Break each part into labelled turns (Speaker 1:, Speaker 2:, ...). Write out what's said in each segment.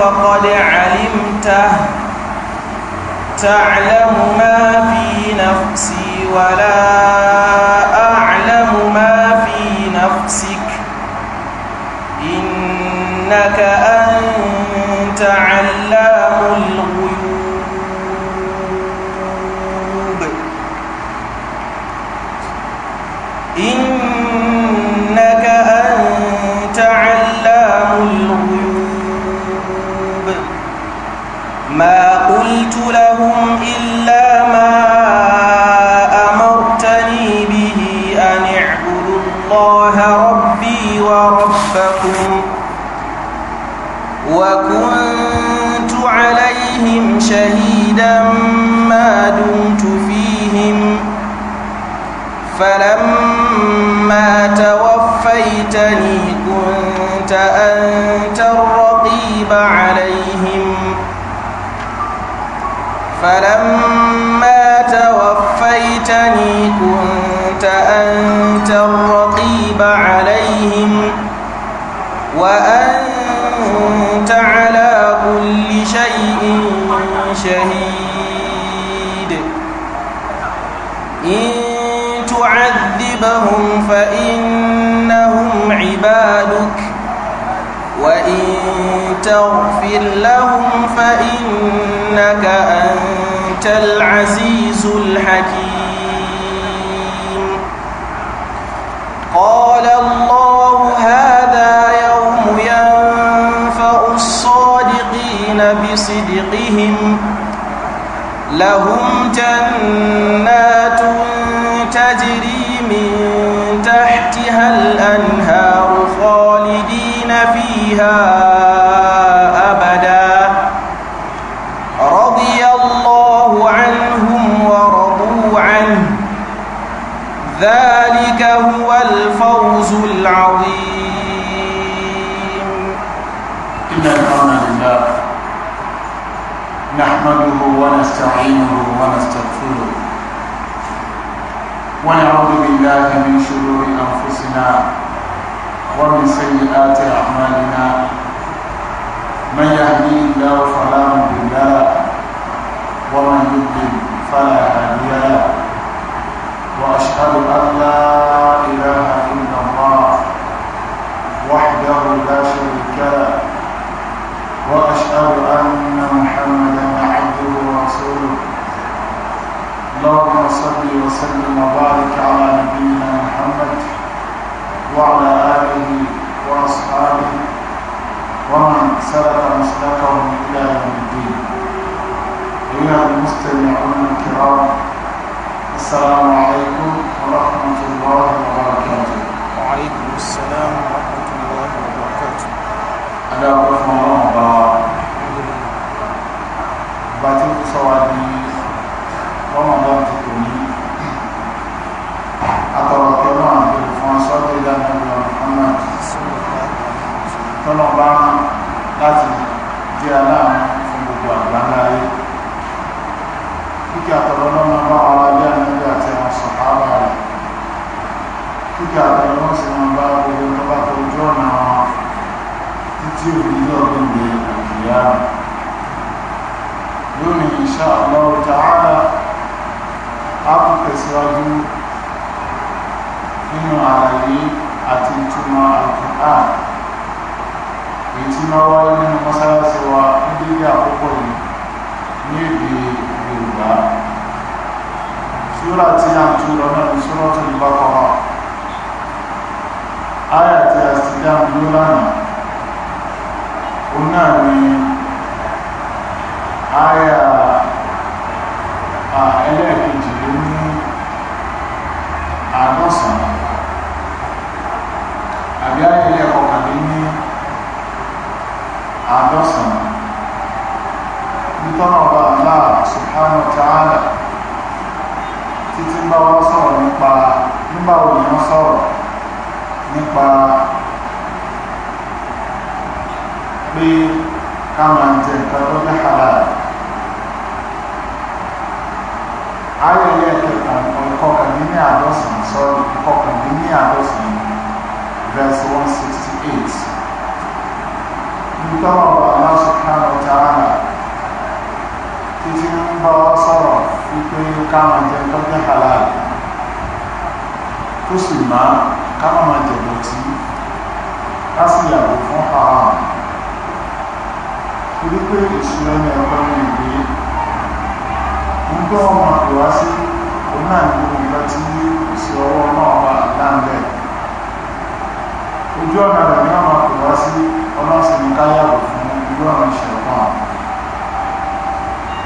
Speaker 1: فقد علمته تعلم ما في نفسي ولا أعلم ما في نفسك إنك أنت علام الغيوب شهيدا ما دمت فيهم فلما توفيتني كنت أنت الرقيب عليهم فلما توفيتني كنت أنت الرقيب عليهم وأنت على شهيد إن تعذبهم فإنهم عبادك وإن تغفر لهم فإنك أنت العزيز الحكيم قال الله هذا يوم ينفع الصادقين بصدقهم لهم جنات تجري من تحتها الأنهار خالدين فيها أبدا رضي الله عنهم ورضوا عنه ذلك هو الفوز العظيم إن الحمد لله
Speaker 2: نحمده ونستعينه ونستغفره ونعوذ بالله من شرور أنفسنا ومن سيئات أعمالنا من يهديه الله فلا مضل له ومن يضلل فلا هادي له وأشهد أن لا إله إلا الله وحده لا شريك له وأشهد أن محمدا عبده ورسوله اللهم صل وسلم وبارك على نبينا محمد وعلى آله وأصحابه ومن سلك مسلكهم إلى يوم الدين أيها المستمعون الكرام السلام عليكم ورحمة الله وبركاته وعليكم السلام ورحمة الله وبركاته ألا ورحمة sọ wa di rọmọdọ́n ti tò ní àtọ̀rọ̀ tọ́lọ́ àti fún asọ́jú ìdáná ìlú ọ̀nà tọ́lọ́ bá láti jẹ́ aláàánú fún gbogbo àgbáńlá ayé kíkẹ́ àtọ̀rọ̀ lọ́mọ bá ara ilé ànájú àti àwọn sọ̀hábà rẹ̀ kíkẹ́ àtọ̀rọ̀ lọ́mọ sì máa bá gbogbo tó tó ojú ọ̀nà títí òbí lọ́gbìn ní àjíyá rẹ̀ insha Allah ta'ala á kú tẹ̀síwájú nínú àlàyé àti ìtumọ̀ Al-Qur'an èyí tí máa wáyé nínú mọ́sálásí wa ní dédé àkókò yìí ní èdè Yorùbá súrà tí a ń lọ náà ní Suratul Baqara áyà tí a sì dáhùn ló lánàá ó náà ní Psalm kọkàndínní àádọ́sán verse one sixty eight nígbà wà wà aláṣọ kánà ọjà ààrà títí ń bá wa sọ̀rọ̀ wípé káwọn jẹ tọ́jú halal tó sì máa káwọn máa jẹ dọ̀tí ká sì yàgò fún haram torí ìṣúná ẹni ẹ̀kọ́ ní ìgbé ń gbọ́ ọmọ àpèwá sí náà ni nǹkan tí ìṣe ọwọ́ náà wà dáńbẹ̀ ojú ọ̀nà rẹ̀ ní ọmọ kò wá sí ọlọ́sìn káyàwó fún irú àwọn ìṣẹ̀lẹ̀ kan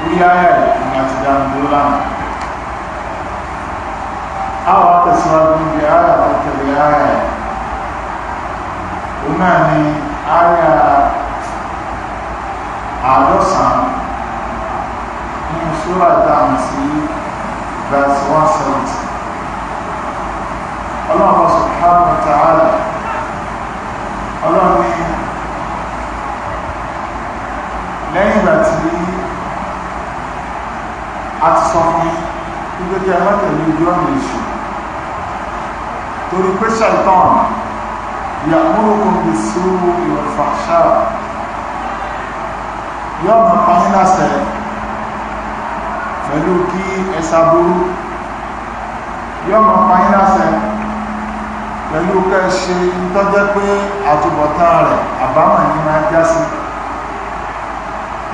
Speaker 2: orí ayé rẹ̀ ni a ti dánu dúró lánàá àwọn akẹ́sìwájú níbi ayé àtẹ̀lé náà ni ayé àádọ́sàn-án nínú sóra verse 170 ọlọ́run subhanahu wa ta'ala ọlọ́run ní lẹ́yìn ìgbà tí a ti sọ fún gbígbé kí ẹlẹ́tẹ̀lẹ́ ojú ọ̀nà èṣù torí pé ṣàìtàn pẹ̀lú kí ẹsà burú yọ́ mọ̀ pàyín lásẹ̀ pẹ̀lú kẹ́ ṣe tọ́jẹ́ pé àtúbọ̀tán rẹ̀ àbámọ̀ ní máa já sí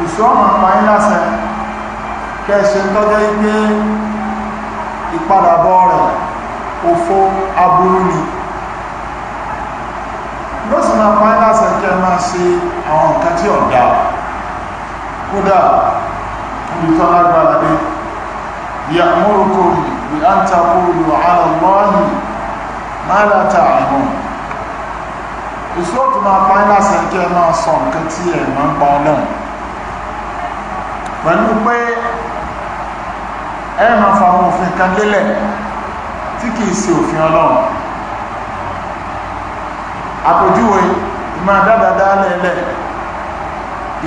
Speaker 2: ìṣọ́ mọ̀ pàyín lásẹ̀ kẹ́ ṣe tọ́jẹ́ pé ìpadàbọ̀ rẹ̀ òfo aburú ni yóò sì máa pàyín lásẹ̀ kẹ́ máa ṣe àwọn nǹkan tí ọ̀dà kódà ìtọ́lágbára ní ya'murukum bí a ń taqulu ala Allahi ma la ta'lamun ìṣòtù máa pa iná sẹ́kẹ́ máa sọ nǹkan tí ẹ̀ máa ń pa ọlọ́run pẹ̀lú pé ẹ máa fa àwọn òfin kan lélẹ̀ tí kìí ṣe òfin ọlọ́run àpèjúwe ìmá dáadáa lẹ́lẹ̀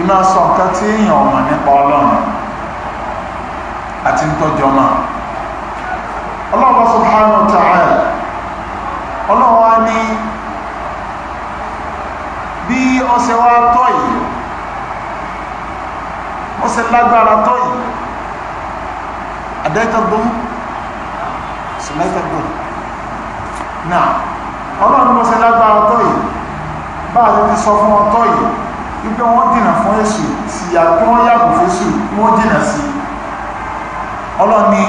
Speaker 2: ìmá sọ nǹkan tí èèyàn ọmọ nípa ọlọ́run àti ntọ́jọ́ máa Allah subhanahu wa ta'ala ọlọ́wọ́ ní bí ọsẹ wa tọ́ yìí ọsẹ lágbára tọ́ yìí àdẹ́tọ̀gbọ́n sọ̀lẹ́tọ̀gbọ́n náà ọlọ́run ọsẹ lágbára tọ́ yìí bá a ti sọ fún ọtọ́ yìí wípé wọ́n dìnà fún èṣù sí àgbọ́n yàgò fún èṣù wọ́n dìnà sí i ọlọ́ni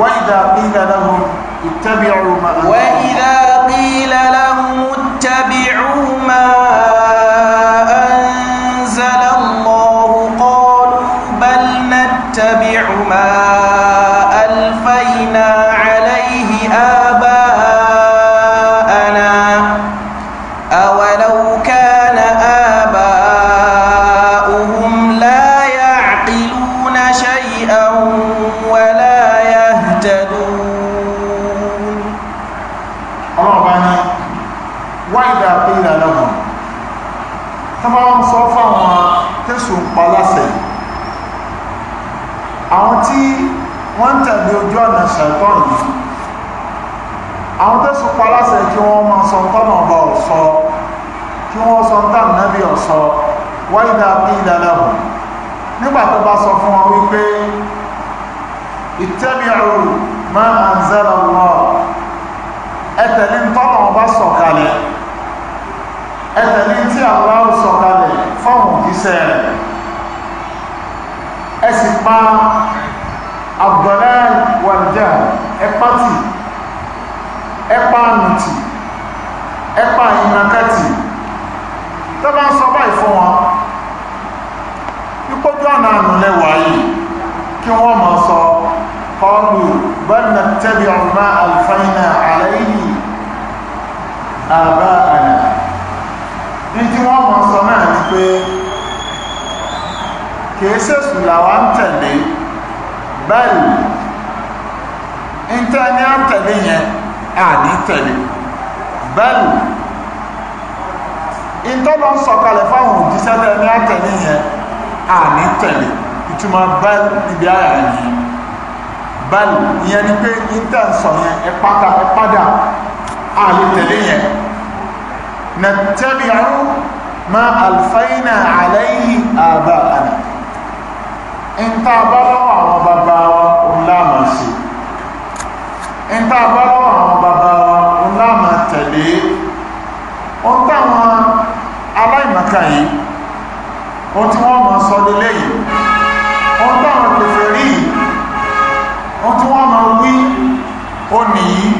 Speaker 2: wáyídà pínlẹ̀ lọ́hùn ìtẹ́bí ọrùn máa wáyídà
Speaker 1: pínlẹ̀ lọ́hùn ìtẹ́bí ọrùn máa
Speaker 2: àwọn tí wọ́n ń tẹ̀lé ojú ọ̀nà ṣẹ̀tọ́ yìí àwọn tó sì pa láṣẹ kí wọ́n máa sọ tọ́nà ọba ọ̀sọ́ kí wọ́n sọ tán nábì ọ̀sọ́ wáyé dáa bí ìdálẹ́wò nígbà tó bá sọ fún wọn wípé ittabi'u ma anzala Allah ẹtẹ̀lé tọ́nà ọba sọ̀kalẹ̀ ẹtẹ̀lé tí Allah sọ̀kalẹ̀ fọ́ọ̀mù kìí sẹ́rẹ̀ ẹsì pa abdulal wàlìjà ẹpàtì ẹpà nùtì ẹpà ìnàkàtì tọ́bá ń sọ báyìí fún wọn ipójú ọ̀nà ànú lẹ́wàá yìí kí wọ́n mọ̀ sọ kọlù bẹ́ẹ̀nà tẹ́bí ọ̀nà alfaina alayhi àbá àná ní wọ́n mọ̀ sọ náà ni pé kìí sèṣù làwa ń tẹ̀lé bẹ́ẹ̀lì ń tẹ́ ní à ń tẹ̀lé yẹn àní tẹ̀lé bẹ́ẹ̀lì ìtọ́lọ́ ń sọ̀kalẹ̀ fáwọn òjíṣẹ́ tẹ́ ní à ń tẹ̀lé yẹn àní tẹ̀lé ìtumọ̀ bẹ́ẹ̀lì níbi àyà yìí bẹ́ẹ̀lì ìyẹn ni pé ń tẹ̀ yẹn ẹ pátá ẹ tẹ̀lé yẹn nàtẹ́bí àrùn ma alfaina alayhi àbá àná ìta àbálọ́wọ́ awọn bàbá wa ńláàmà sí awọn àbálọ́wọ́ àwọn bàbá wa ńláàmà yìí ó tí wọ́n yìí tí wí ó yìí,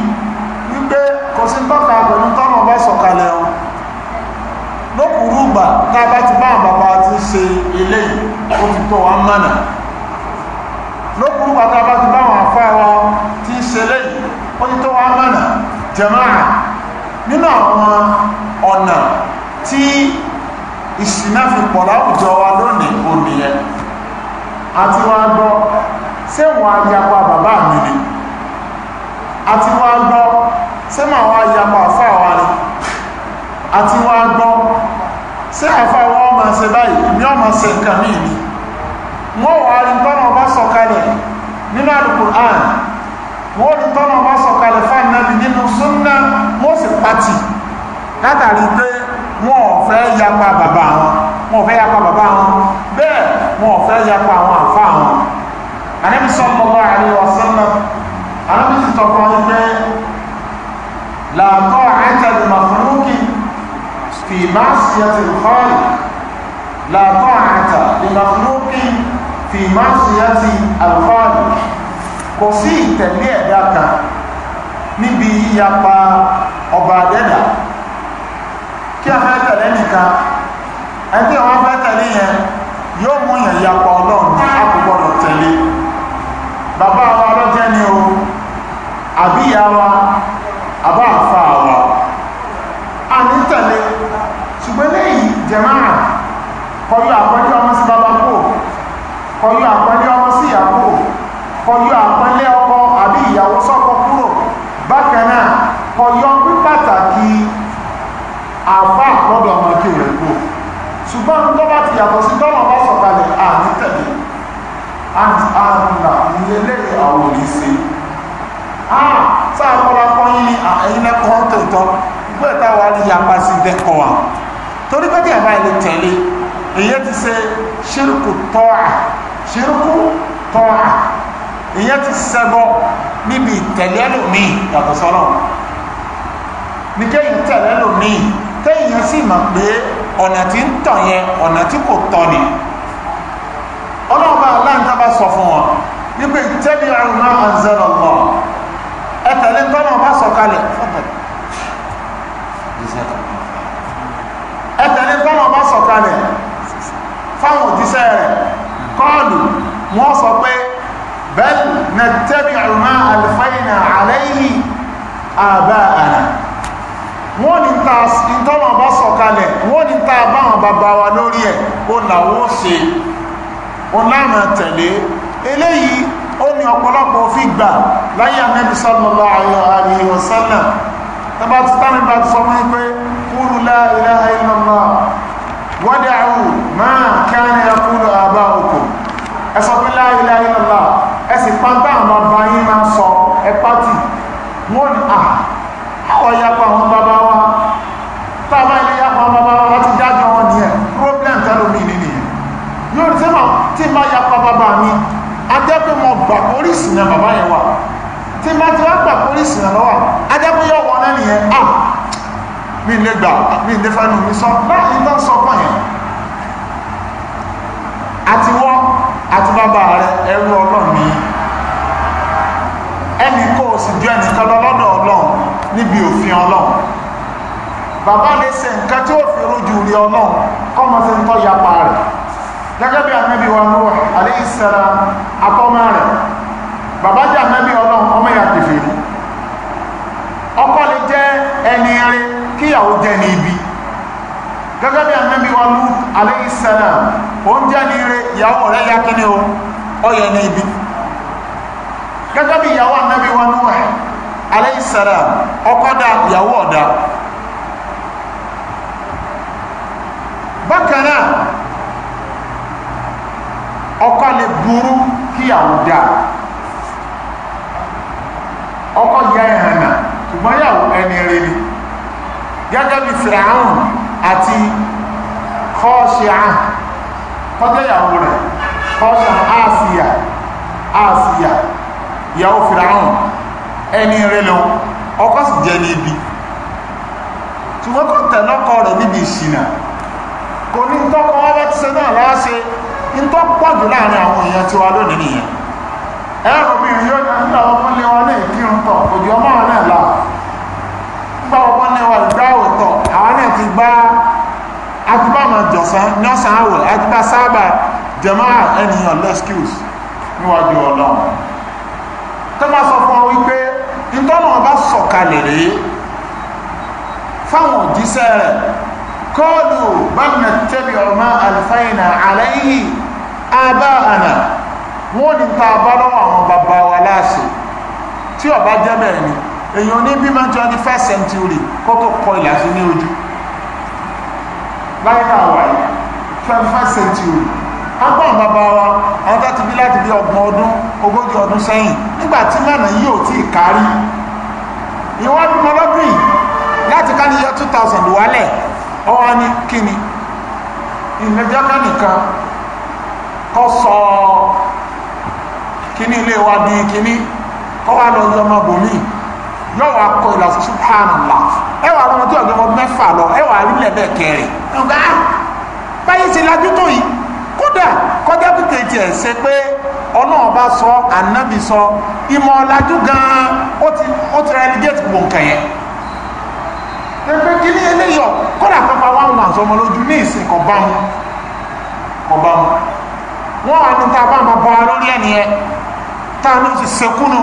Speaker 2: wípé kò sí tọ́ka pẹ̀lú tọ́nà bá sọ̀kalẹ̀ ọ lókùrú ìgbà tá a bá ó wa mọ́nà lókùnrin pàtó ti bá wọn wa ti ń ṣe wa mọ́nà jẹ̀máà nínú àwọn ọ̀nà tí fi pọ̀ wa lónìí ò nìyẹn àti wá gbọ́ ṣé wọn ayapa bàbá mi ni àti wá gbọ́ ṣé màá wá wa ni sí àfá wọn ọmọ ṣe báyìí ní ọmọ ṣe nǹkan mí ni wọ́n wà rí tọ́nà ọba sọ̀kalẹ̀ nínú Al-Qur'an wọ́n rí tọ́nà ọba sọ̀kalẹ̀ fáànàbì nínú súnnà wọ́n sì pàtì látàrí pé wọ́n ò fẹ́ yapa bàbá wọn wọ́n ò fẹ́ yapa bàbá wọn bẹ́ẹ̀ wọ́n ò fẹ́ yapa àwọn àfá wọn Ànábì sallallahu alaihi wasallam Ànábì sì tọkọ ní pé la ta'ata li makhluqin في معصية الخالق لا طاعة لمخلوق في معصية الخالق kò sí ìtẹ̀lé ẹ̀dá kan níbi yíyapa ọba àdẹ́dà kí a fẹ́ tẹ̀lé nìkan ẹgbẹ́ wọn fẹ́ tẹ̀lé yẹn yóò mú yẹn yapa ọlọ́run a kò wa àbá jẹ̀máà kọjú àpọ́nlé ọmọ sí bàbá kò kọjú àpọ́nlé ọmọ sí ìyàwó kọjú àpọ́nlé ọkọ àbí ìyàwó sọ́kọ kúrò bákan náà kọjú pín pàtàkì àfà lọ́dọ̀ ọmọ kéèrè kò ṣùgbọ́n tó bá ti yàtọ̀ sí tọ́nà bá sọ̀kalẹ̀ àní tẹ̀lé àǹtà ìyẹlẹ́ àwọn òrìṣẹ́ ah sáà kọ́lá kọ́ yín ni ẹ̀yin lẹ́kọ̀ọ́ tòótọ́ gbẹ́ta wà ní yapa sí dẹ́kọ̀ọ́ àwọn torí pé tí àbá ilé tẹ̀lé èyí ti ṣe ṣírùkù tọ́à ṣírùkù tọ́à èyí ti ṣẹbọ níbi ìtẹ̀lé ẹlòmíì yàtọ̀ sọ́lọ́ ní kéyìn tẹ̀lé ẹlòmíì kéyìn sì mọ̀ pé ọ̀nà tí ń tọ̀ yẹn ọ̀nà tí kò tọ̀ ni ọlọ́ọ̀bá aláǹtá bá sọ fún wọn wípé ìtẹ́bí àrùn náà ń zẹ́rọ̀ lọ ẹ̀tẹ̀lé bá sọ kalẹ̀ fọ́tẹ̀lẹ̀ sọ̀kalẹ̀ fáwọn òjíṣẹ́ rẹ̀ kọ́ọ̀lù wọ́n sọ pé bẹ́ẹ̀ na tẹ́bi àrùmá àlùfáìnà àlẹ́yìí àbá àrà wọ́n ní ta ìtọ́nà bá sọ̀kalẹ̀ wọ́n ní ta báwọn bàbá wa lórí ẹ̀ ó làwọn ṣe ó láàmà tẹ̀lé eléyìí ó ní ọ̀pọ̀lọpọ̀ fi gbà láyé wọ́dàáwù máa káàní akúlò àbá òkú ẹsọ pé la ilaha illallah ẹsì pátá àwọn ọba yìí máa sọ ẹpátì wọ́n ni à ah, àwọ̀ yapa àwọn bàbá wa tábà ilé yapa àwọn bàbá wa láti dájọ́ wọn ni ẹ̀ problem tẹ́lómi ní nìyẹn yóò rí sẹ́mà tí má yapa bàbá mi adẹ́pẹ́ mọ gbà orísìnà bàbá yẹn wà tí mi lè gbà mi lè fẹ́ nu mi sọ láì lọ sọ pọ̀ yẹn àti wọ́n àti bàbá rẹ ẹrú ọlọ́run ni ẹnì kò sì ju ẹnìkan lọ lọ́dọ̀ ọlọ́run níbi òfin ọlọ́run bàbá lè ṣe nǹkan tí ó fi rújú rí ọlọ́run kọ́mọ sí ń tọ́ yapa rẹ̀ gẹ́gẹ́ bí ànábì wa Nuh alayhi salam àtọ́mọ́ rẹ̀ bàbá jẹ́ ànábì ọlọ́run ọmọ ìyá kẹfẹ́ ọkọ lè jẹ́ ẹni rí kíyàwó jẹ́ ní ibi gẹ́gẹ́ bí ànábì Lú ń jẹ́ ní ire ìyàwó rẹ̀ yá kí ni o ní ibi gẹ́gẹ́ bí ìyàwó Lú ọkọ ìyàwó bákan náà ọkọ lè burú kíyàwó dá ọkọ yá ẹ̀hànà ṣùgbọ́n yàwó ẹni gẹ́gẹ́ bí fìràhùn àti kọ́ṣíà tọ́jọ́yàwó rẹ̀ kọ́ṣíà àṣìyà àṣìyà ìyàwó fìràhùn ẹni rẹ̀ lọ ọkọ sì jẹ́ ní ibi ṣùgbọ́n kò tẹ̀lọ́kọ rẹ̀ níbi ìṣìnà kò ní tọ́kọ wọn bá ti ṣe náà láṣẹ ní tó pọ̀jù láàrin àwọn èèyàn tiwa lónìí nìyẹn ẹ̀rọ mi yóò ní àwọn ọmọ ilé wọn ní ìkírun tọ̀ òjò ọmọ náà là ń ọmọ ilé wọn ìgbà ti bá àtibá máa jọ̀sán nọ́sàn àwẹ̀ àtibá sábà jàmáà ènìyàn lẹ́skíùs níwájú ọlọ́run tó máa sọ fún ọ wípé ìtọ́nà ọba sọ̀kalẹ̀ rèé fáwọn òjíṣẹ́ rẹ̀ kọ́ọ̀lù bánà tẹ́bi ọmọ àlùfáìnà àlẹ́yìn àbá àná wọ́n ní ta bá lọ́wọ́ àwọn bàbá wa láàṣẹ tí ọba jẹ́ bẹ́ẹ̀ ni èèyàn ní bí máa 21st century kó tó kọ ìlàsí ní ojú láyé náà wà yìí twenty five century agbọ́n bàbá wa àwọn tó ti bí láti bí ọgbọ̀n ọdún ogójì ọdún sẹ́yìn nígbà tí lànà yìí ò tí ì kárí ìwádìí mọ́lọ́dún yìí láti ká ní yọ two thousand wálẹ̀ ọwọ́ ní kíni ìlẹ́jọ́ká nìkan kọ́ sọ kíní ilé wa di kíní kọ́ wá lọ yọmọ bòmí yọ wá kọ ìlàsí subhanallah ẹ wà àwọn tó àgbẹ̀ wọn mẹ́fà lọ ẹ wà àrílẹ̀ bẹ́ẹ̀ kẹrin ọ̀gá báyìí ṣe lajú tó yìí kódà kọjá pípé tiẹ̀ ṣe pé ọlọ́run bá sọ ànábì sọ ìmọ̀ ọ̀làjú gan-an ó ti ó ti ra ẹni géètì gbogbo nǹkan yẹn pẹpẹ kìíní eléyọ kódà pápá wà wọn àti ọmọ lójú ní ìsìn kò bá mu kò bá mu wọn wà ní ta bá ma bọ lórí ẹni yẹn tá a ní o ti sekúnu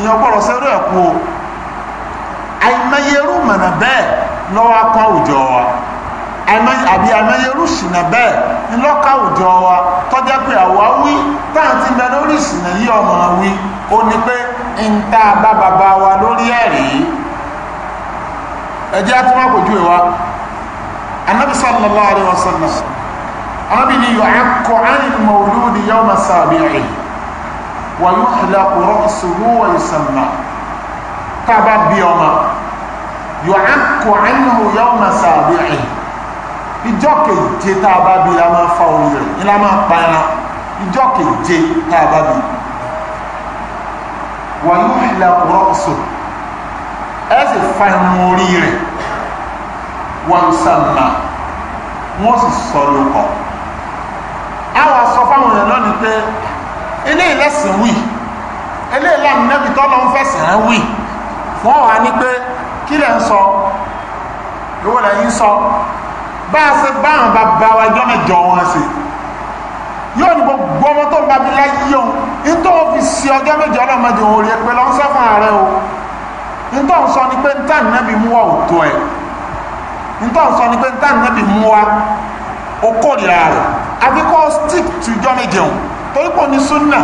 Speaker 2: ìyẹn gbọ́dọ̀ sẹrú ẹ o àìmọyerú mọ̀nà bẹ́ẹ̀ lọ́wọ́ akọ́ òjò wa àbí àìmọyerú ṣìnà bẹ́ẹ̀ ńlọ́ka òjò wa tọ́jà pé àwa wí táǹtì bẹ lórí ìṣìnà yìí ọmọ wí ó ní pé ń tá a bá bàbá wa lórí ẹ̀rí ẹjẹ́ á tún wá kojú ẹ̀ wa anabi sallallahu alayhi wa sallam anabi ni yọ akọ ayin mawuludi yawma sabi'i wa yuhlaqu ra'suhu wa yusamma tá a bá bí ọmọ yọ̀ẹ́kọ̀ ẹ̀yìnhù yọ́mà sàbí ẹ̀yìn ìjọ keje tá a bá bí la máa fa orí rẹ̀ ní la máa pa ẹran ìjọ keje tá a bá bí wà yóò hìlà kúrọ̀ ọ̀sọ̀ ẹ sì fa ẹran orí rẹ̀ wọ́n sàmà wọ́n sì sọ lóko àwọn sọ fáwọn èèyàn náà ni pé eléyìí lẹ́sìn wì eléyìí lànà nẹ́bi tọ́lọ́ ń fẹ̀sẹ̀ rẹ̀ wì wọ́n wà ní pé kí lẹ̀ ń sọ ìwọ lẹ̀ ń sọ bá a ṣe bá àwọn bàbá wa jọ́ mẹ́jọ wọn sí yóò ní gbogbo ọmọ tó ń bá mi láyé yóò ń tó fi ṣe ọjọ́ mẹ́jọ náà mẹ́jọ òun rí pé lọ́n sọ fún ààrẹ o ń tó ń sọ ni pé ń tàn náà bí mú wa ò tó ẹ̀ ń tó ń sọ ni pé ń tàn náà bí mú wa ó kórìíra rẹ̀ àfikọ́ stick to ìjọ́ mẹ́jọ òun torí kò ní súnà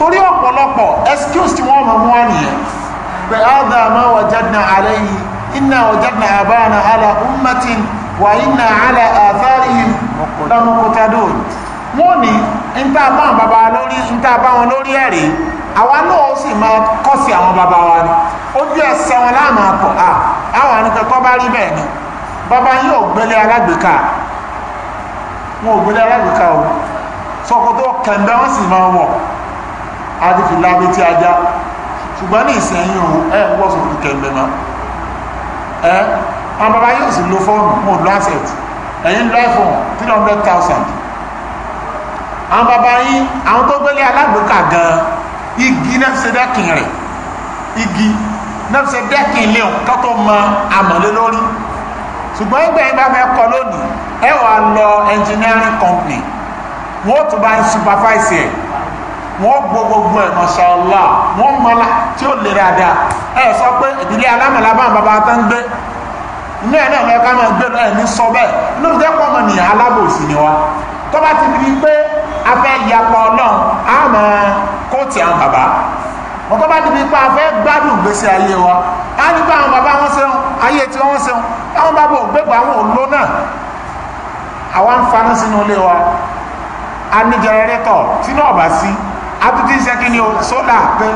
Speaker 2: torí ọ̀pọ̀lọpọ̀ excuse tí wọ́n mọ̀ mú wa nìyẹn بهذا ما وجدنا عليه إنا وجدنا أبانا على أمة وإنا على آثارهم لمقتدون wọ́n ní ń tá a bá wọn bàbá lórí ń tá a bá wọn lórí ẹ̀rí àwa náà sì máa kọ́ sí àwọn bàbá wa ni ojú ẹsẹ̀ wọn láàmú àpọ̀ à àwọn àníkẹ́ kọ́ bá rí bẹ́ẹ̀ ni bàbá yìí ò gbélé alágbèéká wọn ò gbélé alágbèéká o sọkòtò kẹ̀ǹbẹ́ wọn sì máa wọ̀ adìfìlà bíi ti ajá ṣùgbọ́n ní ìsẹ̀yìn òun ẹ̀ ń wọ́sùn kìkẹ́ mẹ́mọ́ ẹ àwọn bàbá yóò sì lo fóònù mo lo asset ẹ̀yìn lo iphone three hundred thousand àwọn bàbá yín àwọn tó gbélé alágbèéká gan igi náà ṣe dẹ́kin rẹ̀ igi náà ṣe dẹ́kin ilé òun ká tó mọ àmọ̀lé lórí ṣùgbọ́n ẹgbẹ́ yín bá fẹ́ kọ lónìí ẹ wàá lọ engineering company wọ́n ó tún bá ń supervise ẹ̀ wọ́n gbọ́ gbogbo ẹ̀ mashallah wọ́n mọ́lá tí ó lè dáadáa ẹ sọ pé ìdílé alámọ̀lá bá bàbá tó ń gbé inú ẹ̀ náà lọ́ọ́ ká máa gbé ẹ̀ ní sọ bẹ́ẹ̀ lórí dẹ́pọ̀ ọmọ nìyà alábòsí ni wa tó bá ti di pé a fẹ́ yapa ọlọ́run á máa kóòtì àwọn bàbá wọ́n tó bá di pé a fẹ́ gbádùn ìgbésí ayé wa á ní pé àwọn bàbá wọn ṣeun ayé tí wọ́n ṣeun àwọn bàbá ògbégbà àwọn òló náà àwa ń faná sínú ilé wa a ní jẹrẹrẹtọ̀ tí náà bá sí àtúntí ń sẹ́kí ni o sólà pé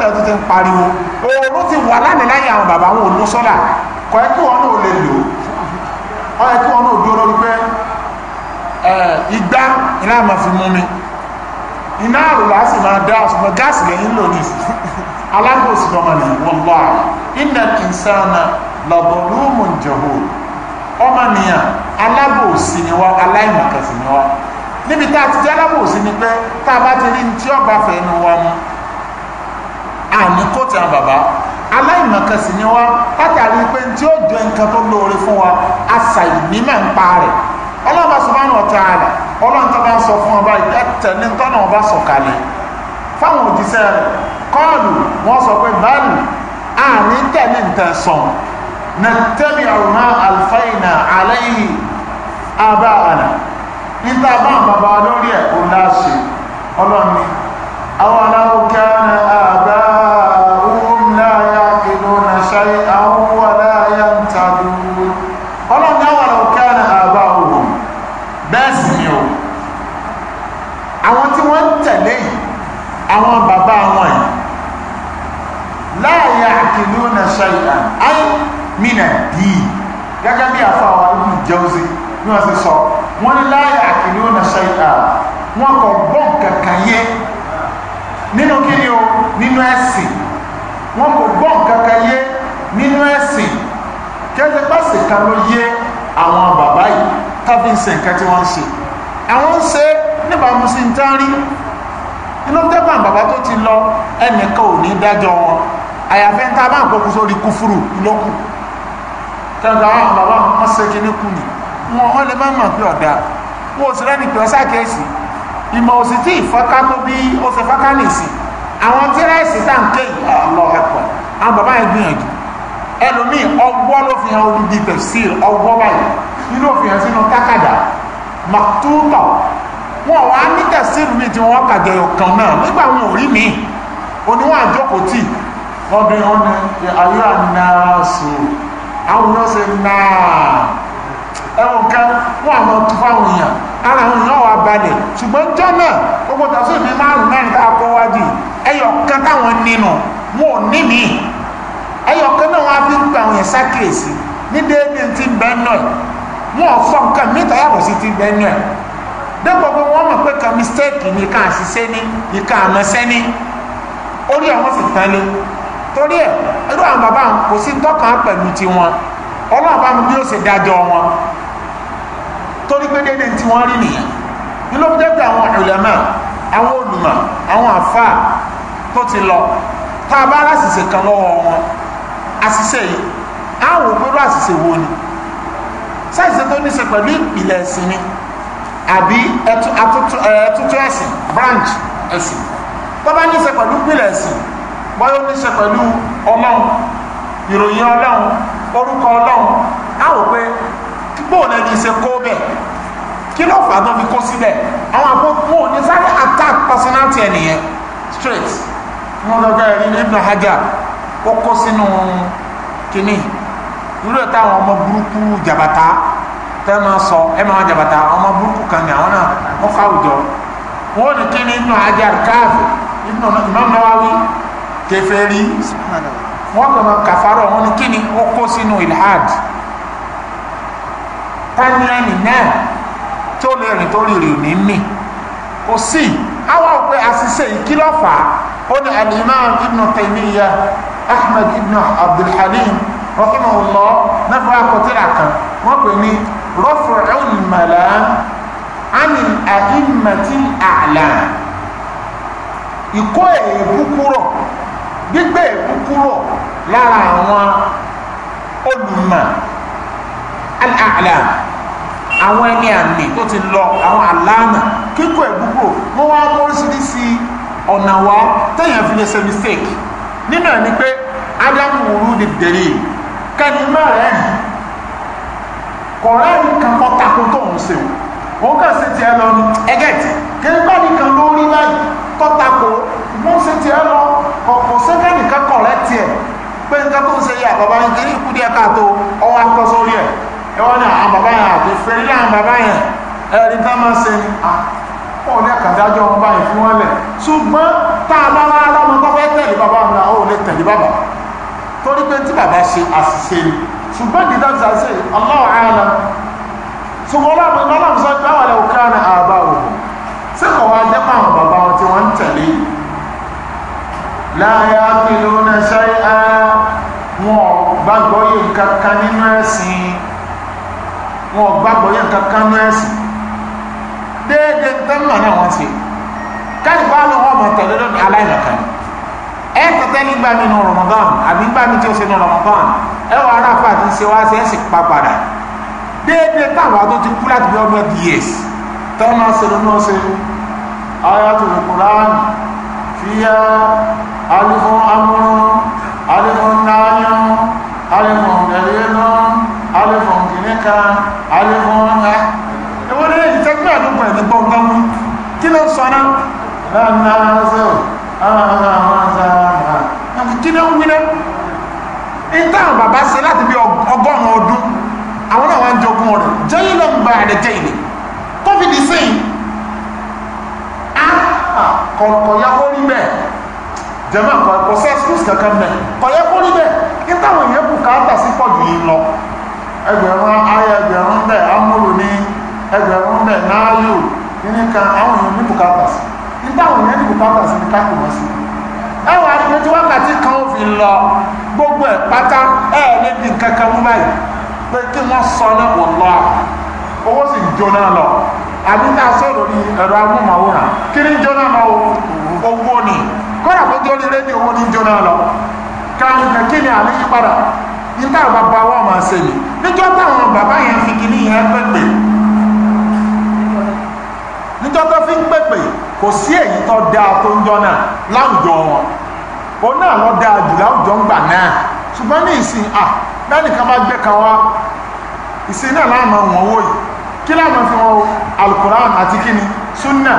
Speaker 2: tó ti ń pariwo oòrùn ti wà lánàá láyé àwọn bàbá wọn ò kọ ẹ kí wọn náà lè lò ó ẹ kí wọn náà dúró lórí pé igbá iná máa fi mú mi iná àrò là á sì máa dá gáàsì lẹ́yìn lò ní lọ́mọ ọmọ ni níbi tá a ti jẹ́ alábòsí ni pé tá a bá ti rí ní tí ọba fẹ́ nu wa mu àní kó ti hàn bàbá aláìmọ̀kan sì ni wa látàrí pé ní tí ó jọ nǹkan tó lóore fún wa a sà ìnímọ̀ ń pa rẹ̀ ọlọ́ọ̀bá subhanahu wa ta'ala ọlọ́run tó bá ń sọ fún ọba ìtẹ́tẹ̀lé tọ́nà ọba sọ̀kalẹ̀ fáwọn òjíṣẹ́ rẹ̀ kọ́ọ̀lù wọ́n sọ pé báàlù àárín tẹ̀lé ìtẹ̀sán na tẹ́lẹ̀ àrùn náà níta bá ń bàbá lórí ẹ̀kọ́ láṣẹ ọlọ́ni àwọn aláwọ̀kẹ́ àbá ohun láyá kìlú na ṣáyé àwọn wà láyá ń ta lóru ọlọ́ni àwọn aláwọ̀kẹ́ àbá ohun bẹ́ẹ̀ sì ni o àwọn tí wọ́n tẹ̀lé yìí àwọn bàbá wọn yìí láyá kìlú na ṣáyé àyè mí nà dì gẹ́gẹ́ bí àfa àwọn ibi ìjẹun sí bí wọ́n ti sọ wọ́n láyà àkìlú ọ̀nà ṣáìtà wọ́n kọ̀ bọ́n kankan yé nínú kí ni o nínú ẹ̀sìn wọ́n kọ̀ bọ́n kankan yé nínú ẹ̀sìn kẹ́lẹ́ pàṣẹ kan ló yé àwọn bàbá yìí tàbí ń ṣe nǹkan tí wọ́n ń ṣe àwọn ń ṣe nípa musin tán rí inú tẹ́gbà bàbá tó ti lọ ẹnìkan ò ní dájọ́ wọn àyàfẹ́ ń bá ń pọkùn sórí kúfúrú lókù tẹ́gbà bàbá wọn ṣe kíní kù nìyí wọn wọn lè má mọ̀ pé ọ̀dà si ò sì rẹ́ni pé ọ̀sá kẹ́sì ìmọ̀ òsì tí ìfọ́ká tó bí ó ṣe fọ́ká nìsí àwọn si ta nke ké yìí ọlọ́ ẹ̀pọ̀ àwọn bàbá yẹn gbìyànjú ẹlòmíì ọgbọ́ ló fi hàn odidi tẹ̀síl ọgbọ́ báyìí nínú òfin hàn sínú tákàdá màtúntọ̀ wọn wà ní tẹ̀síl mi tí kàgẹ náà nígbà wọn ò rí mi àjọkò tí ayé àná sùn àwọn náà ẹ̀wọ̀n kan wọ́n àwọn tó fáwọn èèyàn ara àwọn èèyàn wà balẹ̀ ṣùgbọ́n jọ́ náà gbogbo tàṣí mi márùn mẹ́rin tá a kọ́ wájú ẹyọ kan táwọn nínú wọn ò ní mi ẹyọ kan náà wọn á fi ń gba àwọn yẹn sákèsì ní déédé ti bẹ́ẹ̀ náà wọn ò fọ nǹkan mẹ́ta yàtọ̀ sí ti bẹ́ẹ̀ náà dẹ́gbọ́ pé wọ́n mọ̀ pé kan mistake ni kan àṣìṣe ni ìkan ni orí àwọn sì tán ni torí ẹ̀ irú àwọn bàbá kò sí tọ́kàn pẹ̀lú mi bí ó ṣe dájọ́ wọn torí pé dédé tí wọ́n rí nìyẹn nílò jẹ́ pé àwọn ìlànà àwọn olùmọ̀ àwọn àfà tó ti lọ tá a bá láṣìṣe kan lọ́wọ́ wọn àṣìṣe yìí àwọn òpérò àṣìṣe wo ni sáṣìṣe tó ní ṣe pẹ̀lú ìpìlẹ̀ ẹ̀sìn ni àbí ẹ̀tútù ẹ̀sìn branch ẹ̀sìn tó bá ní ṣe pẹ̀lú ìpìlẹ̀ ẹ̀sìn bọ́yọ́ ní ṣe pẹ̀lú ọlọ́run ìròyìn ọlọ́run orúkọ ọlọ́run á wò bóun náà ní í ṣe kó bẹ́ẹ̀ kí ló fà á náà fi kó síbẹ̀ àwọn àpòpọ̀ ní sáré attack personality ẹ̀ nìyẹn straight wọn lọ gbẹ ẹni Ibn Hajar ó kó sínú kínní irú ẹ̀ táwọn ọmọ burúkú jàbàtà tẹ́ máa sọ ẹ̀ máa jàbàtà ọmọ burúkú kan ní àwọn náà wọ́n fà àwùjọ wọn ní kínní Ibn Hajar káàfì Ibn Imam Nawawi kèfèrí wọn kàn máa kàfárọ̀ wọn ní kínní ó kó sínú ilhad timeline náà tí ó lè rìn tó rìn rìn ní mì kò sí àwọn òpin àṣìṣe ìkìlọ̀fà ó ní alimam ibn taymiya ahmed ibn abdulhalim rahimahullah náfà akọtìrà kan wọn pè ní rọfùrún malam anil ahimmati a'lam ìkó èébú kúrò gbígbé èébú kúrò lára àwọn olùmọ̀ al-a'lam àwọn ẹni àmì tó ti lọ àwọn àlànà kíkọ́ ẹ̀ gbogbo wọ́n wá mọ́ oríṣiríṣi ọ̀nà wa téèyàn fi lè ṣe mistake nínú ẹ̀ ni pé ádámù wùrú ni dèrè kẹ́ni má rẹ̀ ẹ̀ kọ̀rẹ́ nìkan kọ́ tako tó ń ṣe o òun kàn ṣe tiẹ̀ lọ ni ẹgẹ́tì kéńkọ́ nìkan ló rí báyìí kọ́ tako wọ́n ṣe tiẹ̀ lọ kọ̀kọ̀ sẹ́kẹ́ nìkan kọ̀rẹ́ tiẹ̀ pé nǹkan tó ń ṣe yà bàbá ń kiri kú díẹ̀ káàtó ọwọ́ akọ́sórí ẹ̀ ẹwọ́n ní àwọn bàbá yẹn àti fẹ́rí láwọn bàbá yẹn ẹ̀rí tá máa ṣe ni àwọn olè àkàdájọ́ wọn báyìí fún wọn lẹ̀ ṣùgbọ́n tá a bá wá lọ́mọ tó fẹ́ tẹ̀lé bàbá mi àwọn olè tẹ̀lé bàbá torí pé tí bàbá ṣe àṣìṣe ni ṣùgbọ́n dídá ti ṣàṣe Allahu a'lam ṣùgbọ́n ọlọ́run sọ pé àwọn ẹ̀wọ̀n kan àbá wò ṣé kò wá jẹ́ pàwọn bàbá wọn tí wọ́n ń tẹ̀lé láyé ápìlú náà ṣáyé á wọn gbàgbọ́ yìí kankan nínú ẹ̀sìn wọn gbàgbọ́ yẹn kankan ní ẹ̀sìn déédéé tẹ́lẹ̀ náà wọ́n ṣe káyọ̀ bá lọ́wọ́ ọmọ tẹ̀lé lọ́nà aláìmọ̀kan ẹ̀ tẹ́tẹ́ nígbà mi nù Ramadan àbí nígbà mi tí ó ṣe nù Ramadan ẹ̀ wọ aráfà ti ṣe wá sí ẹ̀sìn pàpàdà déédéé táwọn àti ti kú láti bí ọmọ years tẹ́lẹ̀ náà ṣe lọ́nà ṣe ayatul Qur'an fíyà alifun amúrún ìtàn bàbá ṣe láti bí ọgọ́rùn ọdún àwọn náà wá ń jogún rẹ̀ jẹ́yìn lọ ń gba àrẹ jẹ́ ìlẹ̀ covid sẹ́yìn kọ̀ọ̀yá kó rí bẹ́ẹ̀ jẹ́mọ̀ kọ̀ọ̀kọ̀ sí excuse kankan bẹ́ẹ̀ kọ̀ọ̀yá kó rí bẹ́ẹ̀ kí táwọn èèyàn kù káàtà sí pọ̀jù yìí lọ ẹgbẹ̀rún ayé ẹgbẹ̀rún bẹ́ẹ̀ amúlò ní ẹgbẹ̀rún bẹ́ẹ̀ náà yóò nínú kan àwọn èèyàn ní bùkátà sí táwọn èèyàn ní bùkátà sí ní káàkiri wọ́n sí ẹwà àdúgbò tí wákàtí kan ó fi lọ gbogbo ẹ̀ pátá ẹ̀ níbi kankan mú báyìí pé kí wọ́n sọ náà wọ̀ lọ owó sì jóná lọ àbí tá a sọ lórí ẹ̀rọ amóhùnmáwòrán kí ní jóná lọ owó ni kọ́ra kó tó lé rédíò owó ní jóná lọ káwọn kẹ̀kẹ́ ni àléyípadà níta bàbá wọn máa ṣe ni níjọ́ táwọn bàbá yẹn fi kìíní yẹn pẹ̀pẹ̀ níjọ́ tó fi ń pẹ̀pẹ̀ kò sí èyí tó dáa tó ń jọ náà láwùjọ wọn òun náà lọ dáa jù láwùjọ ń gbà náà ṣùgbọ́n ní ìsìn à lẹ́nìkan bá gbé kan wá ìsìn náà láàmú wọn wò yìí kí láàmú fi wọn alukuran àti kíni sunna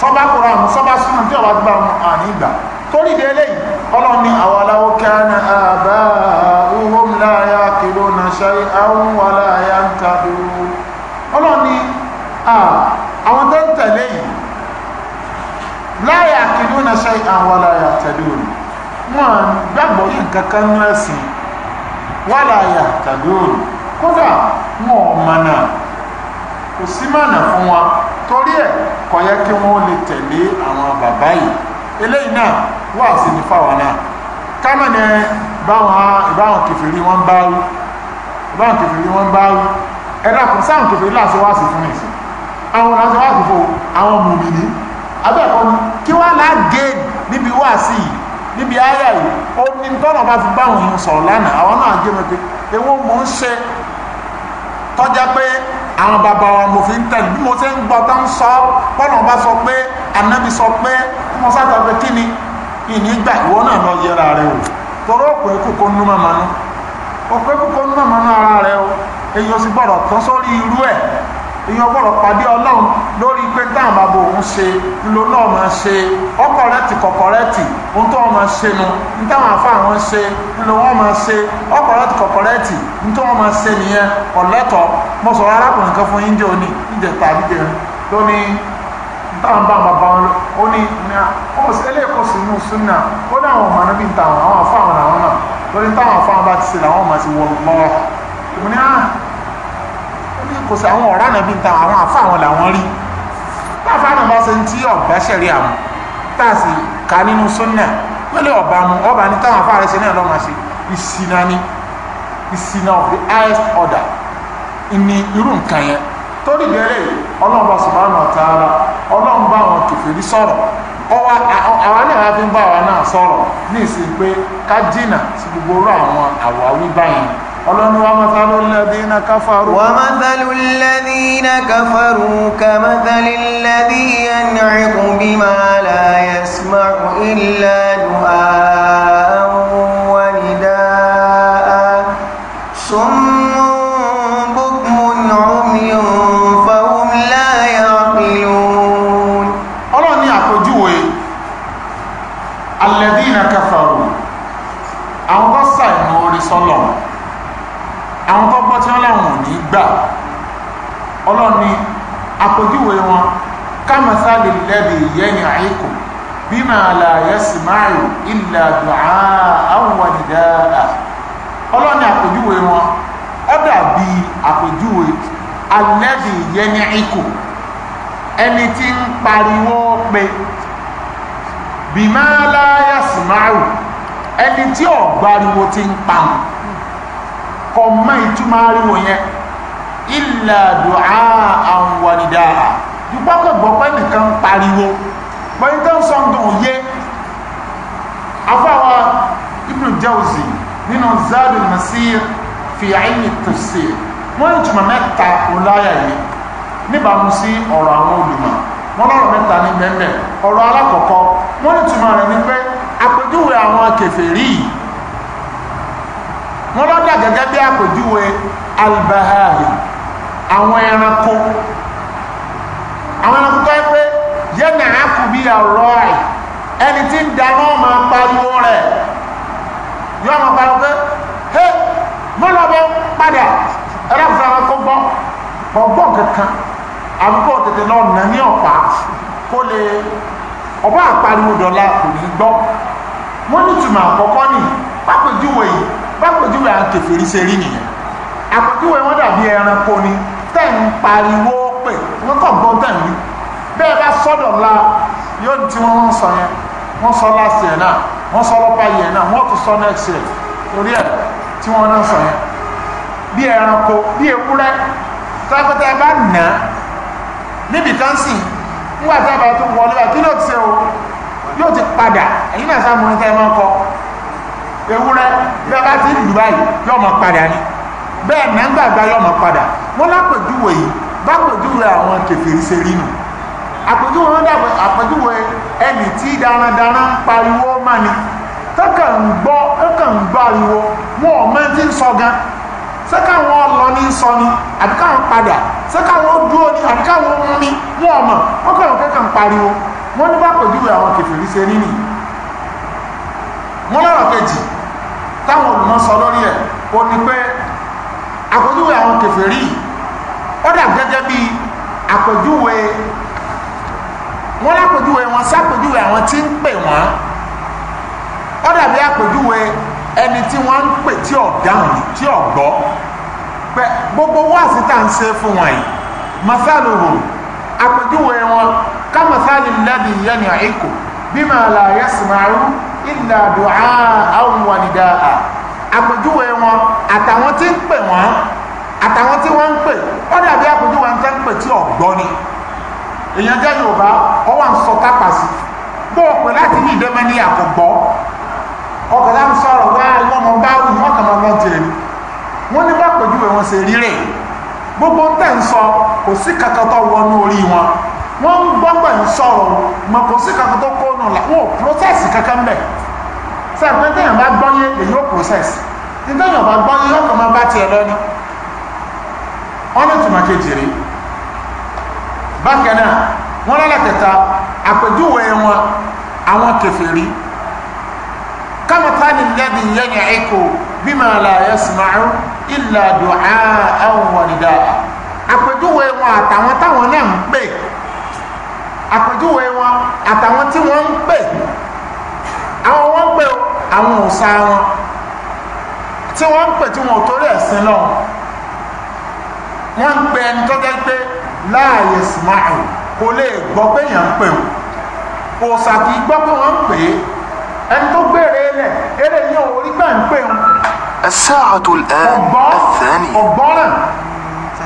Speaker 2: sọba kuran sọba sunna tí ọba gbà wọn àní ìgbà torí de eléyìí ọlọ́run ní àwọn aláwọ kẹ́ni àbá uhum láyà kìló na ṣe àwọn wàlá yà ń tàbí ọlọ́run ní àwọn tó ń tẹ̀lé yìí láyà àkìlúnà ṣe àwọn láyà tẹ̀lúùn wọn gbàgbọ́ yìí kankan nú ẹ̀sìn wọ́n láyà tẹ̀lúùn kódà wọn ò mọ̀nà kò sí mọ̀nà fún wọn torí ẹ kò yẹ kí wọ́n lè tẹ̀lé àwọn bàbá yìí eléyìí náà wà sí ní fáwọn náà kámẹ́ni ìbáwọn kẹfìrí wọn bá rú ìbáwọn kẹfìrí wọn bá rú ẹ̀dá kò sáwọn kẹfìrí láti wá sí fún àwọn láti wá sí fún àwọn abẹ́ẹ̀kọ́ ni kí wá láà géèdì níbi wá sí yìí níbi ayé yìí ó ní tọ́nà bá fi báwọn èèyàn sọ̀rọ̀ lánàá àwọn náà gé mi pé ewu mò ń ṣe tọ́já pé àwọn bàbá wa mo fi ń tẹ̀lé bí mo ṣe ń gbọ́ tó ń sọ pọ́nà bá sọ pé ànábi sọ pé kí mo sá tọ́jú kí ni ìní gbà ìwọ náà lọ yẹra rẹ o torí ó pé kókó nínú màmá náà ó pé kókó nínú màmá náà ara rẹ o èyí ó sì gbọ́dọ̀ tán sórí irú ẹ̀ èyàn gbọ́dọ̀ pàdé ọlọ́run lórí pé táwọn bàbá òun ṣe ńlọ náà máa ṣe ọkọ̀ rẹ̀ ti kọ̀kọ̀ rẹ̀ ti ohun tó wọn máa ṣe nu ní táwọn afá wọn ṣe ńlọ wọn máa ṣe ọkọ̀ rẹ̀ ti kọ̀kọ̀ rẹ̀ ti ní tó wọn máa ṣe nìyẹn ọ̀lẹ́tọ̀ mo sọ̀rọ̀ arákùnrin kan fún yíndé òní ìjẹ tàbí jẹ lónìí táwọn bá bàbá wọn ó ní ẹlẹ́ẹ̀kọ́ sínú súnà ó ní àwọn ọmọ náà bí ń ta àwọn afá wọn làwọn náà lórí táwọn afá wọn bá ti ṣe làwọn ọmọ ti wọ lọ́wọ́ kò sí àwọn ọ̀rá náà n ta àwọn àfa àwọn làwọn rí láfa náà bá ṣe ń tí ọ̀gbẹ́ ṣẹ̀rí àmú tá a sì ka nínú súnà lọ́lẹ̀ ọ̀bá mu ọba ní táwọn afá rẹ̀ ṣe náà lọ́mọ ṣe ìsìnà ni ìsìnà of the highest order ní irú nǹkan yẹn torí bẹ́ẹ̀rẹ̀ ọlọ́run bá subhanahu wa ta'ala ọlọ́run bá àwọn kèfèrí sọ̀rọ̀ ọwọ́ àwa náà fi ń bá àwa náà sọ̀rọ̀ ní ìsìn pé ká sí gbogbo orú àwọn àwáwí báyìí
Speaker 3: ومثل الذين كفروا ومثل الذين كفروا كمثل الذي ينعق بما لا يسمع إلا نؤاد
Speaker 2: ma la yasma'u illa du'a'an wa nida'a ọlọ́ni àpèjúwe wọn ó dàbí àpèjúwe alladhi yan'iku ẹni tí ń pariwo pé bima la yasma'u ẹni tí ò gbariwo ti ń pa kò mọ ìtumọ̀ ariwo yẹn illa du'a'an wa nida'a dùpọ̀ kò gbọ́ pariwo bọ́n tó ń sọ nǹkan òye afáwa Ibn Jawzi nínú Zadul Masir fi ilmi tafsir wọ́n ń túmọ̀ mẹ́ta ọláyà yìí níbàámu sí ọ̀rọ̀ àwọn olùmọ̀ wọ́n lọ́rọ̀ mẹ́ta ní mẹ́mẹ́ ọ̀rọ̀ alákọ̀ọ́kọ́ wọ́n ní túmọ̀ rẹ̀ ní pé àpèjúwe àwọn kèfèrí yìí wọ́n lọ́dà gẹ́gẹ́ bí àpèjúwe albahari àwọn ẹranko àwọn ẹranko tó yẹ pé yẹ́nà á hiya rọ́ọ̀ì ẹni tí ń dáná máa pariwo rẹ̀ yóò máa pariwo pé hé mọ́lọ́bọ̀ padà ẹlẹ́fẹ̀ẹ́ wọn kó gbọ́ ọgbọ́n kankan àbúkọ̀ tètè lọ nà ní ọ̀pá kó lè ọba àpariwo dọ̀la kò ní gbọ́ wọ́n ní tùmọ̀ àkọ́kọ́ nì pápẹ́júwe yìí pápẹ́júwe à ń kẹfẹ́rí sẹ́rí nìyẹn àpèjúwe wọn dàbí ẹranko ni tẹ̀ ń pariwo pè wọ́n kàn gbọ́ tẹ̀ ń bẹ́ẹ̀ bá sọ́dọ̀ la yóò ní tí wọ́n ń sọ yẹn wọ́n sọ last year náà wọ́n sọ lọ́pàá year náà wọ́n tún sọ next year torí ẹ̀ tí wọ́n náà sọ yẹn bí ẹranko bí ewúrẹ́ tẹ́kọ̀tẹ́ ẹ bá nà á níbi kan sì nígbà tí a bá tó wọlé bá kí ló ti ṣe o yóò ti padà ẹ̀yin náà sá múrin tẹ́ ẹ máa ń kọ ewúrẹ́ bí a bá ti lù báyìí yóò máa padà ni bẹ́ẹ̀ nàgbàgbà yóò máa padà wọ́n lápèjúwe yìí bá pèjúwe àwọn kẹfìrí ṣe rí nù àpèjúwe wọn dàgbẹ́ àpèjúwe ẹni tí darandaran pariwo mà ní tọ́kà ń gbọ́ tọ́kà ń gbọ́ ariwo wọn ò mẹ́ tí ń sọ gan sẹ́kà wọn lọ ní sọ ni àbí káwọn padà sẹ́kà wọn dúró ni àbí káwọn mú ni wọn ò mọ̀ wọ́n kàn kẹ́kàn pariwo wọ́n ní bá pèjúwe àwọn kẹfìrí ṣe rí nìyí wọ́n lọ́rọ̀ kejì táwọn olùmọ̀ sọ lórí ẹ̀ o ní pé àpèjúwe àwọn kẹfìrí ó dà gẹ́gẹ́ bí àpèjúwe wọ́n lápèjúwe wọn sápèjúwe àwọn tí ń pè wọ́n ó dàbí àpèjúwe ẹni tí wọ́n ń pè tí ò tí ò gbọ́ pé gbogbo wáàsí tá à ń ṣe fún wọn yìí masaluhu àpèjúwe wọn ká masali lẹ́bi yẹn àìkò bima la yasma'u illa du'a'an wa nida'a àpèjúwe wọn àtàwọn tí ń pè wọ́n àtàwọn tí wọ́n ń pè ó dàbí àpèjúwe wọn tẹ́ ń pè tí ò ni èèyàn jẹ́ yorùbá ọwọ́ à ń sọ tápà sí bó o pè láti ní ìdẹ́mẹ́ ní àkọ́gbọ́ ọkọ̀ láti sọ̀rọ̀ wá lọ́mọ bá wù ní ọkàn ọmọ tiẹ̀ ni wọ́n ní bá pẹ̀jú wọn ṣe rí rẹ̀ gbogbo ń tẹ̀ ń sọ kò sí kankan tó wọnú orí wọn wọ́n ń gbọ́gbẹ̀ ń sọ̀rọ̀ mọ kò sí kankan tó kó nù là wọ́n ò prọ́sẹ̀sì kankan bẹ̀ sẹ́ẹ̀pẹ́ tẹ̀yàn bá gbọ́yé èyí ò prọ́sẹ̀sì ní tẹ̀yàn bá gbọ́yé ọkàn máa bá tiẹ̀ bákan náà wọ́n lálàkẹta àpèjúwe wọn àwọn kèfèrí kámọ́tánì lẹ́bi yẹn yẹn ẹ̀kọ́ bima la yasma'u illa du'a'an wa nida'a àpèjúwe wọn àtàwọn táwọn náà ń pè àpèjúwe wọn àtàwọn tí wọ́n ń pè àwọn wọ́n ń pè àwọn òòṣà wọn tí wọ́n ń pè tí wọn ò torí ẹ̀sìn lọ wọ́n ń pè ẹni tó jẹ́ pé láàyè smail kò lè gbọ́ pé èèyàn ń pè wọn òòsà kì gbọ́ pé wọ́n ń pè é ẹni tó gbére rẹ̀ eré yẹn ò rí ń pè wọn. الساعة الآن الثانية ọ̀gbọ́nràn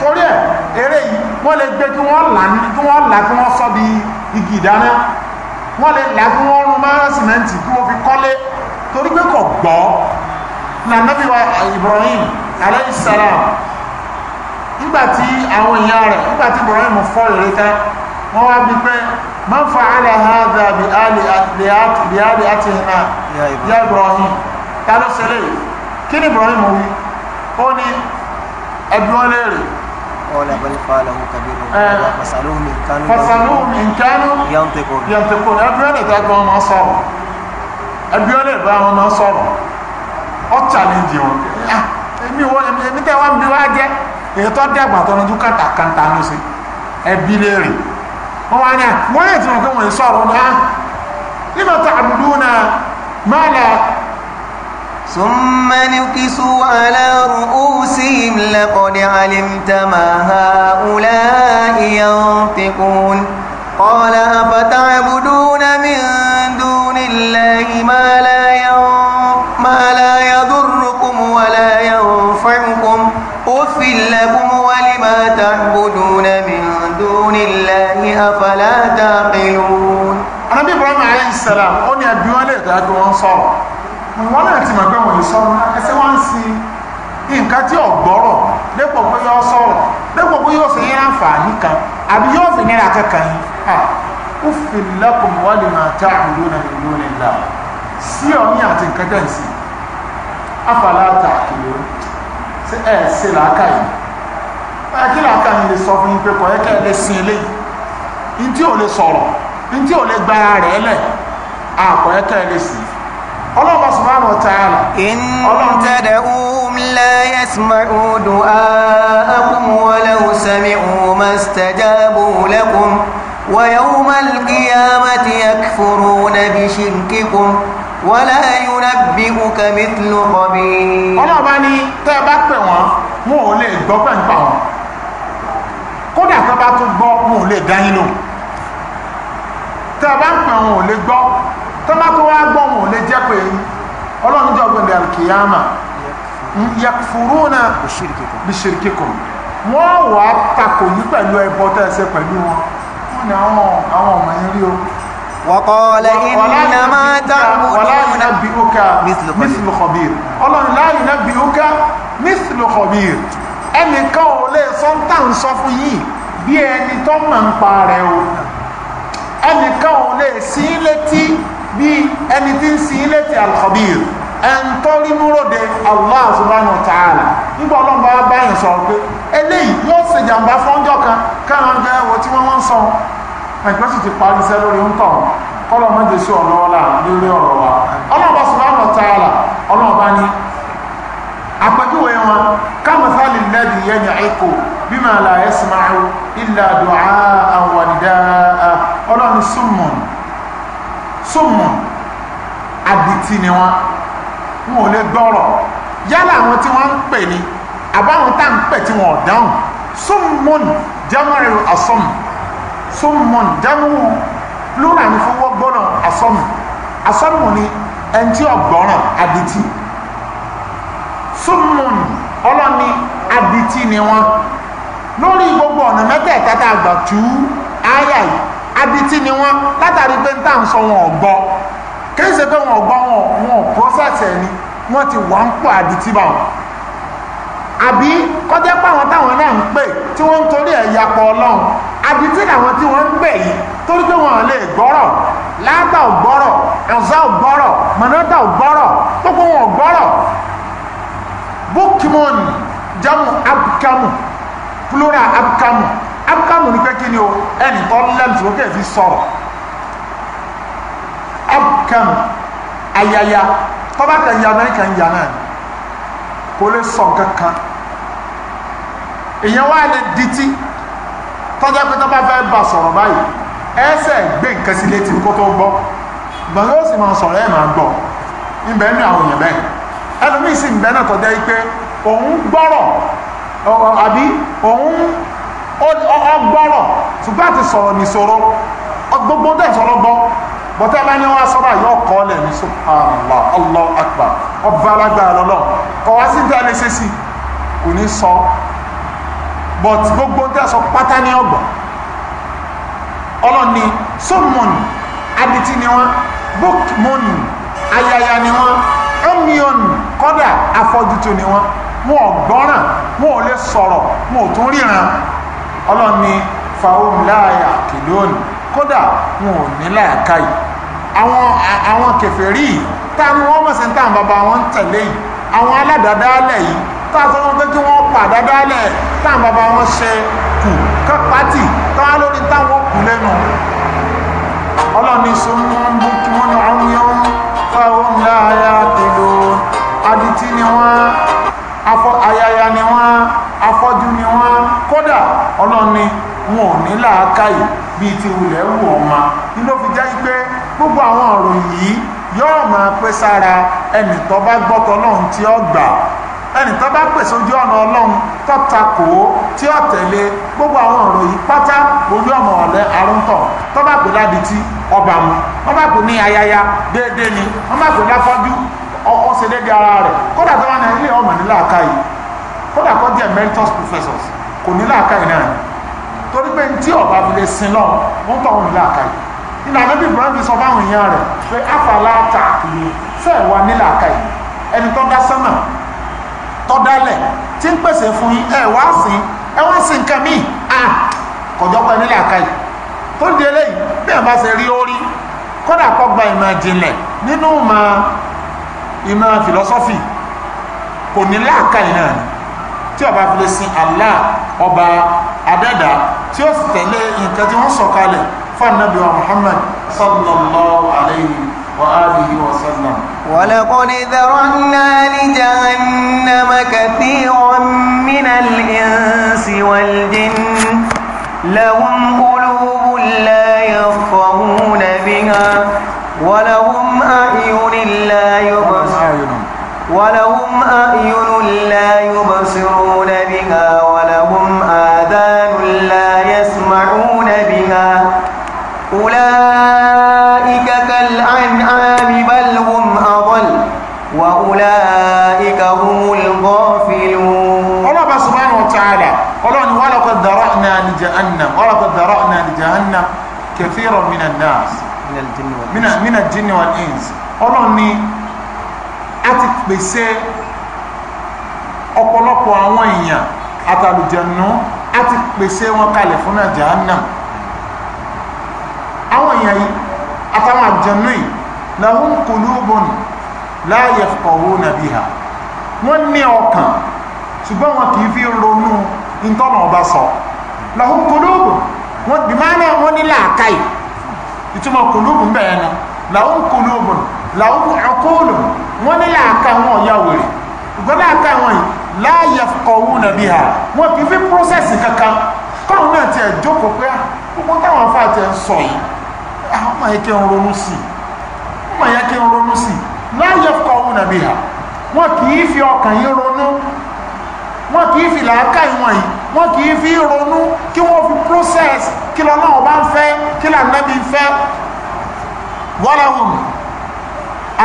Speaker 2: torí ẹ̀ eré yìí wọ́n lè gbé kí wọ́n là kí wọ́n là kí wọ́n sọ bí igi ìdáná wọ́n lè là kí wọ́n rún márùn sìmẹ́ǹtì kí wọ́n fi kọ́lé torí pé kò gbọ́ nànàbíwá Ibrahim aleyhisselam nígbàtí àwọn ìyá rẹ̀ nígbàtí Ibrahim fọ́ ìrítá wọ́n wá bí pé ma ń fa aláhádà bí áàlì àti ìhìnà ya Ibrahim tánú sílẹ̀ kí ni Ibrahim wí ó ní ẹgbẹ́ wọn léèrè ọ̀lẹ́ bẹ́ẹ̀ fàálà ó kàbírò fasalóhùn ìkánú yàntẹ̀kùn ẹgbẹ́ wọn lè dágbọ́n máa sọ̀rọ̀ ẹgbẹ́ wọn lè bá wọn máa sọ̀rọ̀ ọ challenge wọn ah, bí wá jẹ́ èyí tó dẹ̀gbà tó rọjú kàtàkàtà ló ṣe ẹbí léèrè wọ́n wá ní wọ́n yẹ̀ tí wọ́n kí wọ́n sọ̀rọ̀ náà
Speaker 3: nígbà tó àdúdú náà máa lẹ̀ ثم نكسوا على رؤوسهم لقد علمت ما هؤلاء ينطقون قال أفتعبدون من لكم ولما تعبدون من دون الله أفلا تعقلون النبي إبراهيم عليه السلام ó ní ẹbí wọn lè dájú wọn sọ̀rọ̀ wọn náà ti mọ̀ pé wọ́n lè sọ̀rọ̀
Speaker 2: ẹsẹ̀ wọn ń sin nǹkan tí ò gbọ́rọ̀ dépò pé yọ sọ̀rọ̀ dépò pé yóò fi yín àǹfààní kan àbí yóò fi nira kankan yín ó fi lakum walima ta'buduna min dunillah sí ọ̀yìn àti nǹkan dẹ̀ sí afala ta'qilun ṣe ẹ̀ ṣe làákà yìí ẹ̀ kí làákà yìí lè sọ fún yín pé kọ̀ ẹ́ kẹ́ ẹ lè sin eléyìí ní tí ò lè sọ̀rọ̀ ní tí ò lè gba ara rẹ̀
Speaker 3: lẹ̀ àkọ̀ ẹ́ kẹ́ ẹ lè sìn ọlọ́ọ̀bá subhanahu wa ta'ala. in tad'uhum la yasma'u du'aakum wa law sami'u mastajabu lakum wa yawma al-qiyamati yakfuruna bi shirkikum wala yunabbi'uka mithlu khabir. ọlọ́run bá ní tẹ́ ẹ bá pè wọ́n wọn ò lè gbọ́ pẹ̀ ń pa wọn
Speaker 2: kódà kan bá tún gbọ́ wọn ò lè dá yín lò tẹ́ ẹ bá ń pè wọn ò lè gbọ́ tẹ́ bá tún wá gbọ́ wọn ò lè jẹ́ pé ọlọ́run jọ gbẹ̀dẹ̀ alkiyama yakfuruna bishirkikum wọ́n wàá takò yín pẹ̀lú ẹbọ tẹ́ ẹ ṣe pẹ̀lú wọn wọ́n àwọn ọmọ yín rí o. وقال إنما تعبدون نبئك مثل خبير الله لا ينبئك مثل خبير ẹnìkan ò lè sọ́ńtà ń sọ fún yìí bí ẹni tó mọ̀ ń pa rẹ̀ o ẹnìkan ò lè sí létí bí ẹni tí ń sí létí alkhabir ẹn tó rí múròde Allah subhanahu wa ta'ala nígbà ọlọ́run bá yẹn sọ pé eléyìí yóò ṣèjàmbá fọ́njọ́ kan káwọn ẹgbẹ́ ẹ̀wọ̀ tí wọ́n wọ́n sọ nǹkan sì ti parí iṣẹ́ lórí ń tàn kọ́lọ̀ méje sí ọ̀nà ọ̀la lórí ọ̀rọ̀ wa ọlọ́ọ̀bá subhanahu wa ta'ala ọlọ́ọ̀bá ní àpẹjúwe wọn kamathali alladhi yan'iqu bima la yasma'u illa du'a'an wa nida'a ọlọ́ni súnmọ̀ súnmọ̀ àdìtì ni wọn wọn ò lè gbọ́rọ̀ yálà àwọn tí wọ́n ń pè ní àbáwọn tá ń pè tí wọn ò súnmọ̀ jamaru asọ́mù summun dẹ́mu plural ní fún gbọ́nà asọ́mù asọ́mù ni ẹni tí ọgbọ́nà adití summun ọlọ́ni adití ni wọ́n lórí gbogbo ọ̀nà mẹ́tẹ̀ẹ̀ta tá a gbà tú áyà yìí adití ni wọ́n látàrí pé ń tà ń sọ wọn ọ̀gbọ́ kí n ṣe pé wọn ọ̀gbọ́ wọn ò process ni wọ́n ti wà ń pọ̀ adití báwọn àbí kọjá páwọn táwọn náà ń pè tí wọ́n ń torí ẹ̀ yapọ̀ ọlọ́run àbí tí àwọn tí wọ́n ń pè yìí torí pé wọ́n lè gbọ́rọ̀ láàbà ò gbọ́rọ̀ ẹ̀zá ò gbọ́rọ̀ mọ̀nàdà ò gbọ́rọ̀ gbogbo wọn ò gbọ́rọ̀ bukimon jamu abkamu plural abkamu abkamu ni pé kí ni o ẹnì tó lẹ́nu tí ó kẹ́ fi sọ̀rọ̀ abkamu ayaya tọ́ba kan ya amẹ́ríkà ń ya náà kò lè sọ nǹkan kan èèyàn wá lè dití tọ́jà pé tó bá fẹ́ bà sọ̀rọ̀ báyìí ẹsẹ̀ gbé nǹkan sí létí kó tó gbọ́ gbọ́n yóò sì máa sọ̀rọ̀ ẹ̀ máa gbọ́ níbẹ̀ ní àwọn èèyàn bẹ́ẹ̀ ẹlòmíì sì ń bẹ́ náà tọ́jà yìí pé òun gbọ́rọ̀ àbí òun ọgbọ́rọ̀ ṣùgbọ́n àti sọ̀rọ̀ nìṣòro gbogbo dẹ̀ sọ̀rọ̀ gbọ́ bọ́tẹ́ bá ní wọ́n sọ́rọ̀ yóò kọ́ lẹ̀ ní subhanallah Allahu akbar ọba alágbára lọ́lọ́ kọ̀ wá sí dá lè ṣe sí kò ní sọ but gbogbo tí a sọ pátá ní ọgbọ̀n ọlọ́ni sọ́mọ̀n adití ni wọ́n bókmọ́nì ayaya ni wọ́n ẹ́míọ̀n kọ́dà afọ́jútu ni wọ́n wọn ò gbọ́ràn wọn ò lè sọ̀rọ̀ wọn ò tún ríran ọlọ́ni fàwọn láàyà kìlónì kódà wọn ò ní làákàyè àwọn àwọn kèfèrí yìí tá ni wọ́n mọ̀ sí táwọn bàbá wọn ń tẹ̀lé yìí àwọn aládàádáálẹ̀ yìí tá a sọ wọn pé kí wọ́n pa àdádáálẹ̀ táwọn bàbá wọn ṣe kù kán pátì káwá lórí táwọn kù lẹ́nu ọlọ́ni sọ́nà ń bú kí wọ́n ní ọ̀run yẹn ń fa ohun láàyà tèlò adití ni wọ́n ayaya ni wọ́n afọ́jú ni wọ́n kódà ọlọ́ni wọn ò ní làákàyè bíi ti wulẹ̀ wù ọ̀ma nínú fi jẹ́ pé gbogbo àwọn ọ̀rọ̀ yìí yóò máa pẹ́ sára ẹnì tó bá gbọ́tọ̀ náà tí ó gbà ẹnì tó bá pèsè ojú ọ̀nà ọlọ́run tó takò ó tí ó tẹ̀lé gbogbo àwọn ọ̀rọ̀ yìí pátá ojú ọ̀nà ọ̀lẹ́ arúntọ̀ tó bá pè ládìtì ọba mu wọ́n bá pè ní ayaya déédéé ni wọ́n bá pè láfọ́jú ó ṣe déédéé ara rẹ̀ kódà tó wà ní ilé ọmọ nílà káyìí kódà kó jẹ́ emeritus professors kò nílà káyìí náà torí pé tí ọba fi lè sin lọ wọ́n tọ̀ wọn nílà káyìí nínú àdébí ibrahim sọ fáwọn èèyàn rẹ̀ pé afala ta kìí tọ́dálẹ̀ tí ń pèsè fún yín ẹ wá sí ẹ wá sí nǹkan míì à kọjọ́pọ̀ nílẹ̀ àkàyè tó di eléyìí bí ẹ̀ bá ṣe rí ó rí kódà kọ́ gba ìmọ̀ ìjìnlẹ̀ nínú ìmọ̀ ìmọ̀ fìlọ́sọ́fì kò ní láàkàyè náà ni tí ọba fi lè sin Allah ọba adẹ́dà tí ó sì tẹ̀lé nǹkan tí wọ́n sọ kalẹ̀ fún anabi wa Muhammad sallallahu alayhi wa alihi wa sallam.
Speaker 3: ولقد ذرنا لجهنم كثيرا من الإنس والجن لهم قلوب لا يفقهون بها ولهم أعين لا يبصرون ولهم أعين لا يبصرون
Speaker 2: kẹfìrọ mina nas mina jinni wal ins ọlọ́run ni ó ti pèsè ọ̀pọ̀lọpọ̀ àwọn èèyàn àtàlùjẹ̀nu á ti pèsè wọn kalẹ̀ fún náà jahannam àwọn èèyàn yìí àtàwọn àjẹ̀nu yìí lahum qulubun la yafqahuna biha wọ́n ní ọkàn ṣùgbọ́n wọn kì í fi ronú ìtọ́nà ọba sọ lahum qulubun wọn bí máa náà wọn ní làákàyè ìtumọ̀ kùlùbù bẹ́ẹ̀ náà làwọn kùlùbù làwọn ọkùlù wọn ní làákàyè wọn ọ̀yà wèrè ìgbọ́n làákàyè wọn yìí láàyè kọ̀wú nàbí ha wọn kì í fi prọ́sẹ̀sì kankan kọ́run náà tiẹ̀ e jókòó pé gbogbo ah, táwọn afá tiẹ̀ ń e sọ yìí àwọn ah, máa yẹ kí n ronú sí i máa yẹ kí n ronú sí i láàyè kọ̀wú nàbí ha wọn kì í fi ọkàn yìí ronú wọn kì í fi làákàyè wọn yìí wọn kì í fi ronú kí wọ́n fi process kí lọ́lọ́wọ́ bá ń fẹ́ kí lànàbí ń fẹ́ wọ́lọ́hùn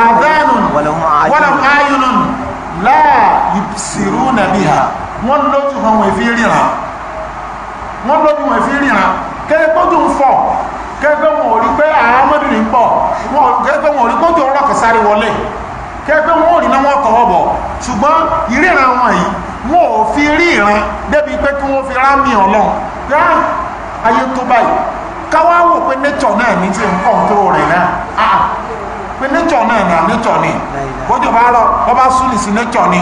Speaker 2: àdánùn wọ́lọ́hùn ayùnùn láà ìsìrú nàbí ha wọ́n lójú wọn wọ́n fi ríran wọ́n lójú wọn fi ríran kẹ́lẹ́ kójú ń fọ̀ kẹ́gbẹ́ wọn ò rí pé àhámọ́dúnrín pọ̀ kẹ́gbẹ́ wọn ò rí kójú ọ̀rọ̀ kẹsàrí wọlé kẹ́gbẹ́ wọn ò rí náà wọ́n kọ̀ ọ̀bọ̀ ṣùgbọ́n ìríran wọn yìí wọn ò fi rí ìran débi pé kí wọ́n fi rámì ọlọ́run yá ayé tó báyìí káwá wò pé nature náà ní ti ń control rẹ̀ náà ah, pé nature náà ní nature ni bójú bá rọ bọ́ bá súnì sí nature ni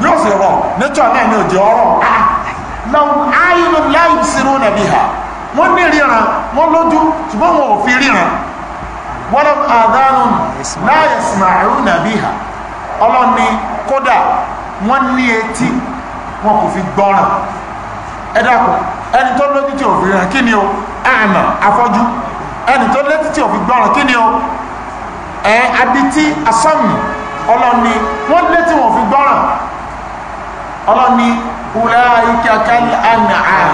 Speaker 2: bí ó sì rọ nature náà ní òjò ọrọ̀ ah, lọ́wọ́ ayélu láì sírú nàbí ha wọ́n ní ríran wọ́n lójú ṣùgbọ́n wọn ò fi ríran wọ́n àdánù láì sìmàrú nàbí ha ọlọ́ni kódà wọ́n ní etí wọn kò fi gbọ́ràn ẹ dákun ẹni tó lójú tí ò fi ràn kí ni o àmà afọ́jú ẹni tó létí tí ò fi gbọ́ràn kí ni o ẹ adití asọ́mù ọlọ́ni wọ́n létí wọn fi gbọ́ràn ọlọ́ni ulaika kal an'am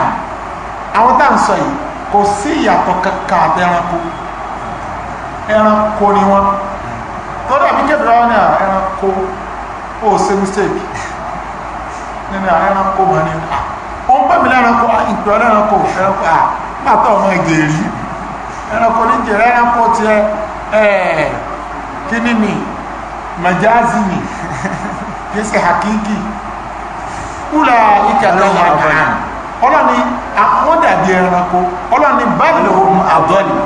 Speaker 2: àwọn tá à ń sọ yìí kò sí ìyàtọ̀ kankan àti ẹranko ẹranko ni wọn tó dàbí kébìrì ni ẹranko ó ṣe mistake nínú ẹranko mọ̀ ní pa ó ń pẹ̀mí lẹ́ranko ìpè ọlẹ́ranko ẹranko à pàtó ọmọ ìgèrí ẹranko ní jẹrẹ ẹranko tiẹ ẹ kíní ni majazi ni kìí ṣe hakiki kúlà ìkàlọ́wọ́ àgbà ọlọ́ni àwọn dàbí ẹranko ọlọ́ni báyìí lòun àdọ́lì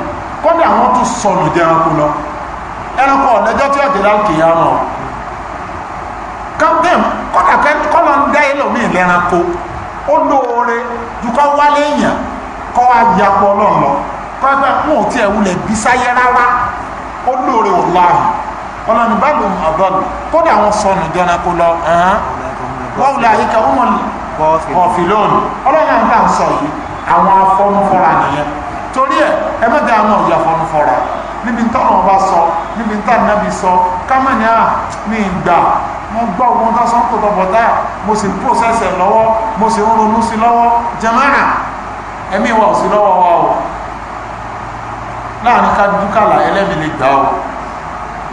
Speaker 2: kọ́dà àwọn tó sọnù jẹ ẹranko lọ ẹranko ọ̀nẹ́jọ́ tí ọ̀jẹ̀ láǹkì yá náà kọ́ńtẹ́m kọ́dà kẹ́ kọ́lọ́ ń dá ẹlòmíì lẹ́ranko ó lóore ju kọ́ wálé èèyàn kọ́ wá yapọ̀ ọlọ́run lọ kọ́ńtẹ́m wọn ò tiẹ̀ wulẹ̀ bí sáyé rárá ó lóore wò láàyè ọlọ́ni báàlù àbọ̀lù kódà àwọn sọnù jọna kó lọ wọ́n lè àyíká wọ́n ọ̀fìlónì ọlọ́ni àwọn bá ń sọ yìí àwọn afọ́nufọ́ra nìyẹn torí ẹ̀ ẹ mẹ́ta àwọn ọ̀yà afọ́nufọ́ra níbi tọ́nà ọba sọ níbi tánàbí sọ kámẹ́ni ah, à mí gbà mo gbọ́ ogun tó sọ́n tó tọ̀bọ̀tá mo sì ń pòsẹ́sẹ̀ lọ́wọ́ mo sì ń ronú sí lọ́wọ́ jẹmọ́nà ẹ̀mí wa ò sí lọ́wọ́ wa o láàrin ká dúkàlà ẹlẹ́mi lè gbà o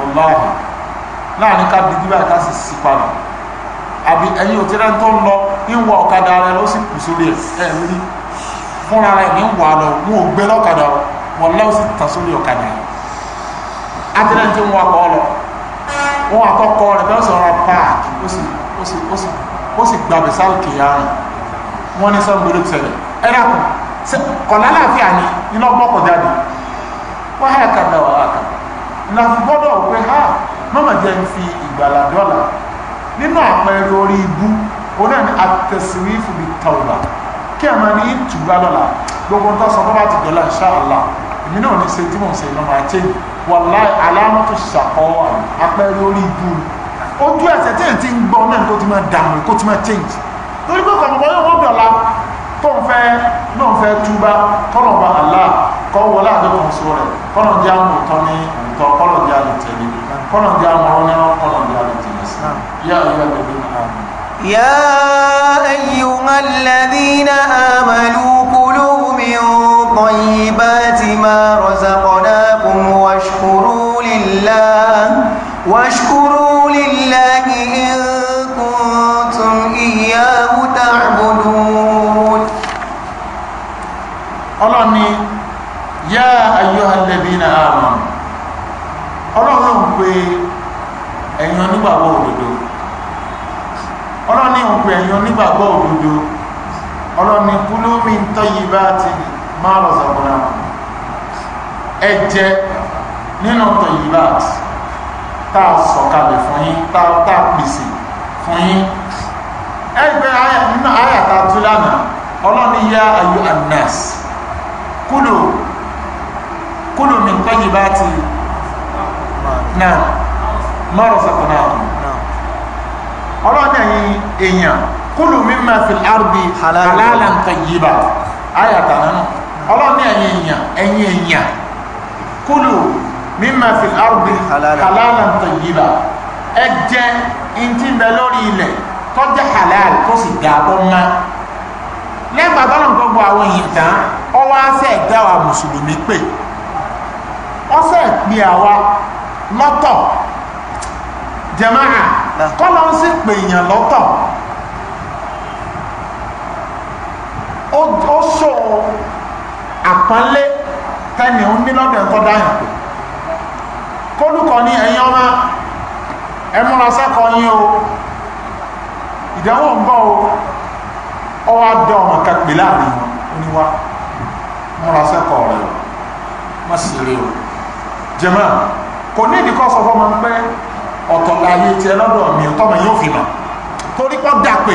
Speaker 2: ọlọ́run láàrin ká di bíbá ká sì sí padà àbí ẹ̀yin ò tẹ́lẹ̀ tó ń lọ ń wọ ọ̀kadà rẹ ló sì kù sórí ẹ̀ rí fúnra rẹ̀ ní wà lọ wọn ò gbé lọ́kadà wọn lọ́wọ́ sì tà sórí ọ̀kadà àtẹ́lẹ̀ tó ń wọ òun àkọ́kọ́ rẹ̀ bẹ́ẹ̀ sọ̀rọ̀ páàkì ó sì ó sì ó sì ó sì gbàgbé wọ́n ní sọ́n gbèrú tẹ̀lẹ̀ ẹ dàpọ̀ kọ̀lá láàfíà ni iná gbọ́kọ̀ jáde wọ́n hà kàdà wà hà kàdà ìlà fi gbọ́dọ̀ pé ha mọ́mà jẹ́ ń fi ìgbàlà dọ́là nínú àpẹẹrẹ orí ibú òun náà ni àtẹ̀síwífù bí tàwùlà kí ẹ̀ máa ní ìtura dọ́là gbogbo ń tọ́sọ bọ́ bá ti dọ́là insha èmi náà ní wàlá aláàmọ́tò ṣàkọ́wà apẹ́rẹ́ orí ibu ojú ẹ̀sẹ̀ tí èyí ti ń gbọ́ náà kó ti máa dààmú kó ti máa change torí pé kọ̀mọ̀kọ́ yóò wọ́n tó ń fẹ́ náà fẹ́ túbá kọ́nà ọba Allah kọ́ wọlé àdókùn sọ rẹ̀ kọ́nà jẹ́ àwọn òótọ́ ní òótọ́ kọ́nà jẹ́ àlè tẹ̀lé kọ́nà jẹ́ àwọn ọ̀rọ̀ náà kọ́nà jẹ́ àlè tẹ̀lé yá
Speaker 3: ayé yá ayyuhal ladhina amanu طيبات ما رزقناكم واشكروا لله واشكروا لله إن كنتم إياه تعبدون ọlọ́ni
Speaker 2: yá ayyuhalladhina amanu ọlọ́run pé ẹ̀yin onígbàgbọ́ òdodo ọlọ́ni ń pè ẹ̀yin onígbàgbọ́ òdodo ọlọ́ni kúlú min tayyibati máa rọ̀ zàbọ̀nà ẹ jẹ nínú tó yìí bá tá a sọ̀kalẹ̀ fún yín tá a pèsè fún yín ẹgbẹ́ nínú àyàtà tó lánàá ọlọ́ni yá ayú anas kúlò kúlò min tayyibati náà máa rọ̀ zàbọ̀nà ọlọ́ni ẹ̀yìn èèyàn kúlò mimma fil ardi halalan tayyiba àyàtà náà ọlọ́run ní ẹ̀yin èèyàn ẹ̀yin èèyàn kúlù mímọ̀ fi ardi halalan tayyiba ẹ jẹ ntí ń bẹ lórí ilẹ̀ tó jẹ́ halal tó sì dà bọ́ mọ́ lẹ́gbà bọ́lọ̀ gbogbo àwọn èèyàn tán ọ wá fẹ́ wa mùsùlùmí pè ọ fẹ́ àwa lọ́tọ̀ jàmáà kọ́lọ́ ń sì pè èèyàn lọ́tọ̀ ó ṣòro àpọ́nlé tẹ́ni ń ní lọ́dọ̀ ẹ̀kọ́ dáyàn pé kólùkọ́ ní ẹ̀yin ọmọ ẹ múra yín o ìdánwò ń bọ̀ o ọwọ́ adé ọmọ kẹpẹ láàrin wọn oníwá múra sẹ́kọ̀ọ́ o má sì rí o jẹ́mọ́ kò ní ìdíkọ́ sọ fọ́mọ pé ọ̀tọ̀ láyé tiẹ̀ lọ́dọ̀ mi ọ̀tọ̀ mi yóò fi mọ̀ torí pọ́ dà pé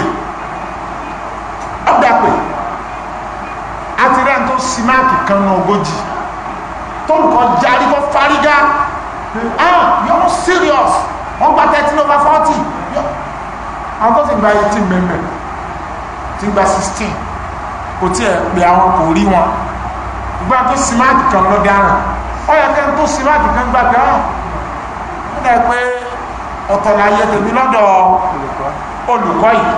Speaker 2: ọ́ pé sí máàkì kan náà ogójì tó nǹkan jarí kọ́ fárígá ah you're serious wọ́n gba thirteen over forty àwọn tó ti gba eighteen mẹ́mẹ́ ti gba sixteen kò tí ẹ̀ pé àwọn kò rí wọn ìgbà tó sí máàkì kan lọ dára ó yẹ kẹ́ tó sí máàkì kan gbà pé ah ó dà pé ọ̀tọ̀ láyé tèmi lọ́dọ̀ olùkọ́ yìí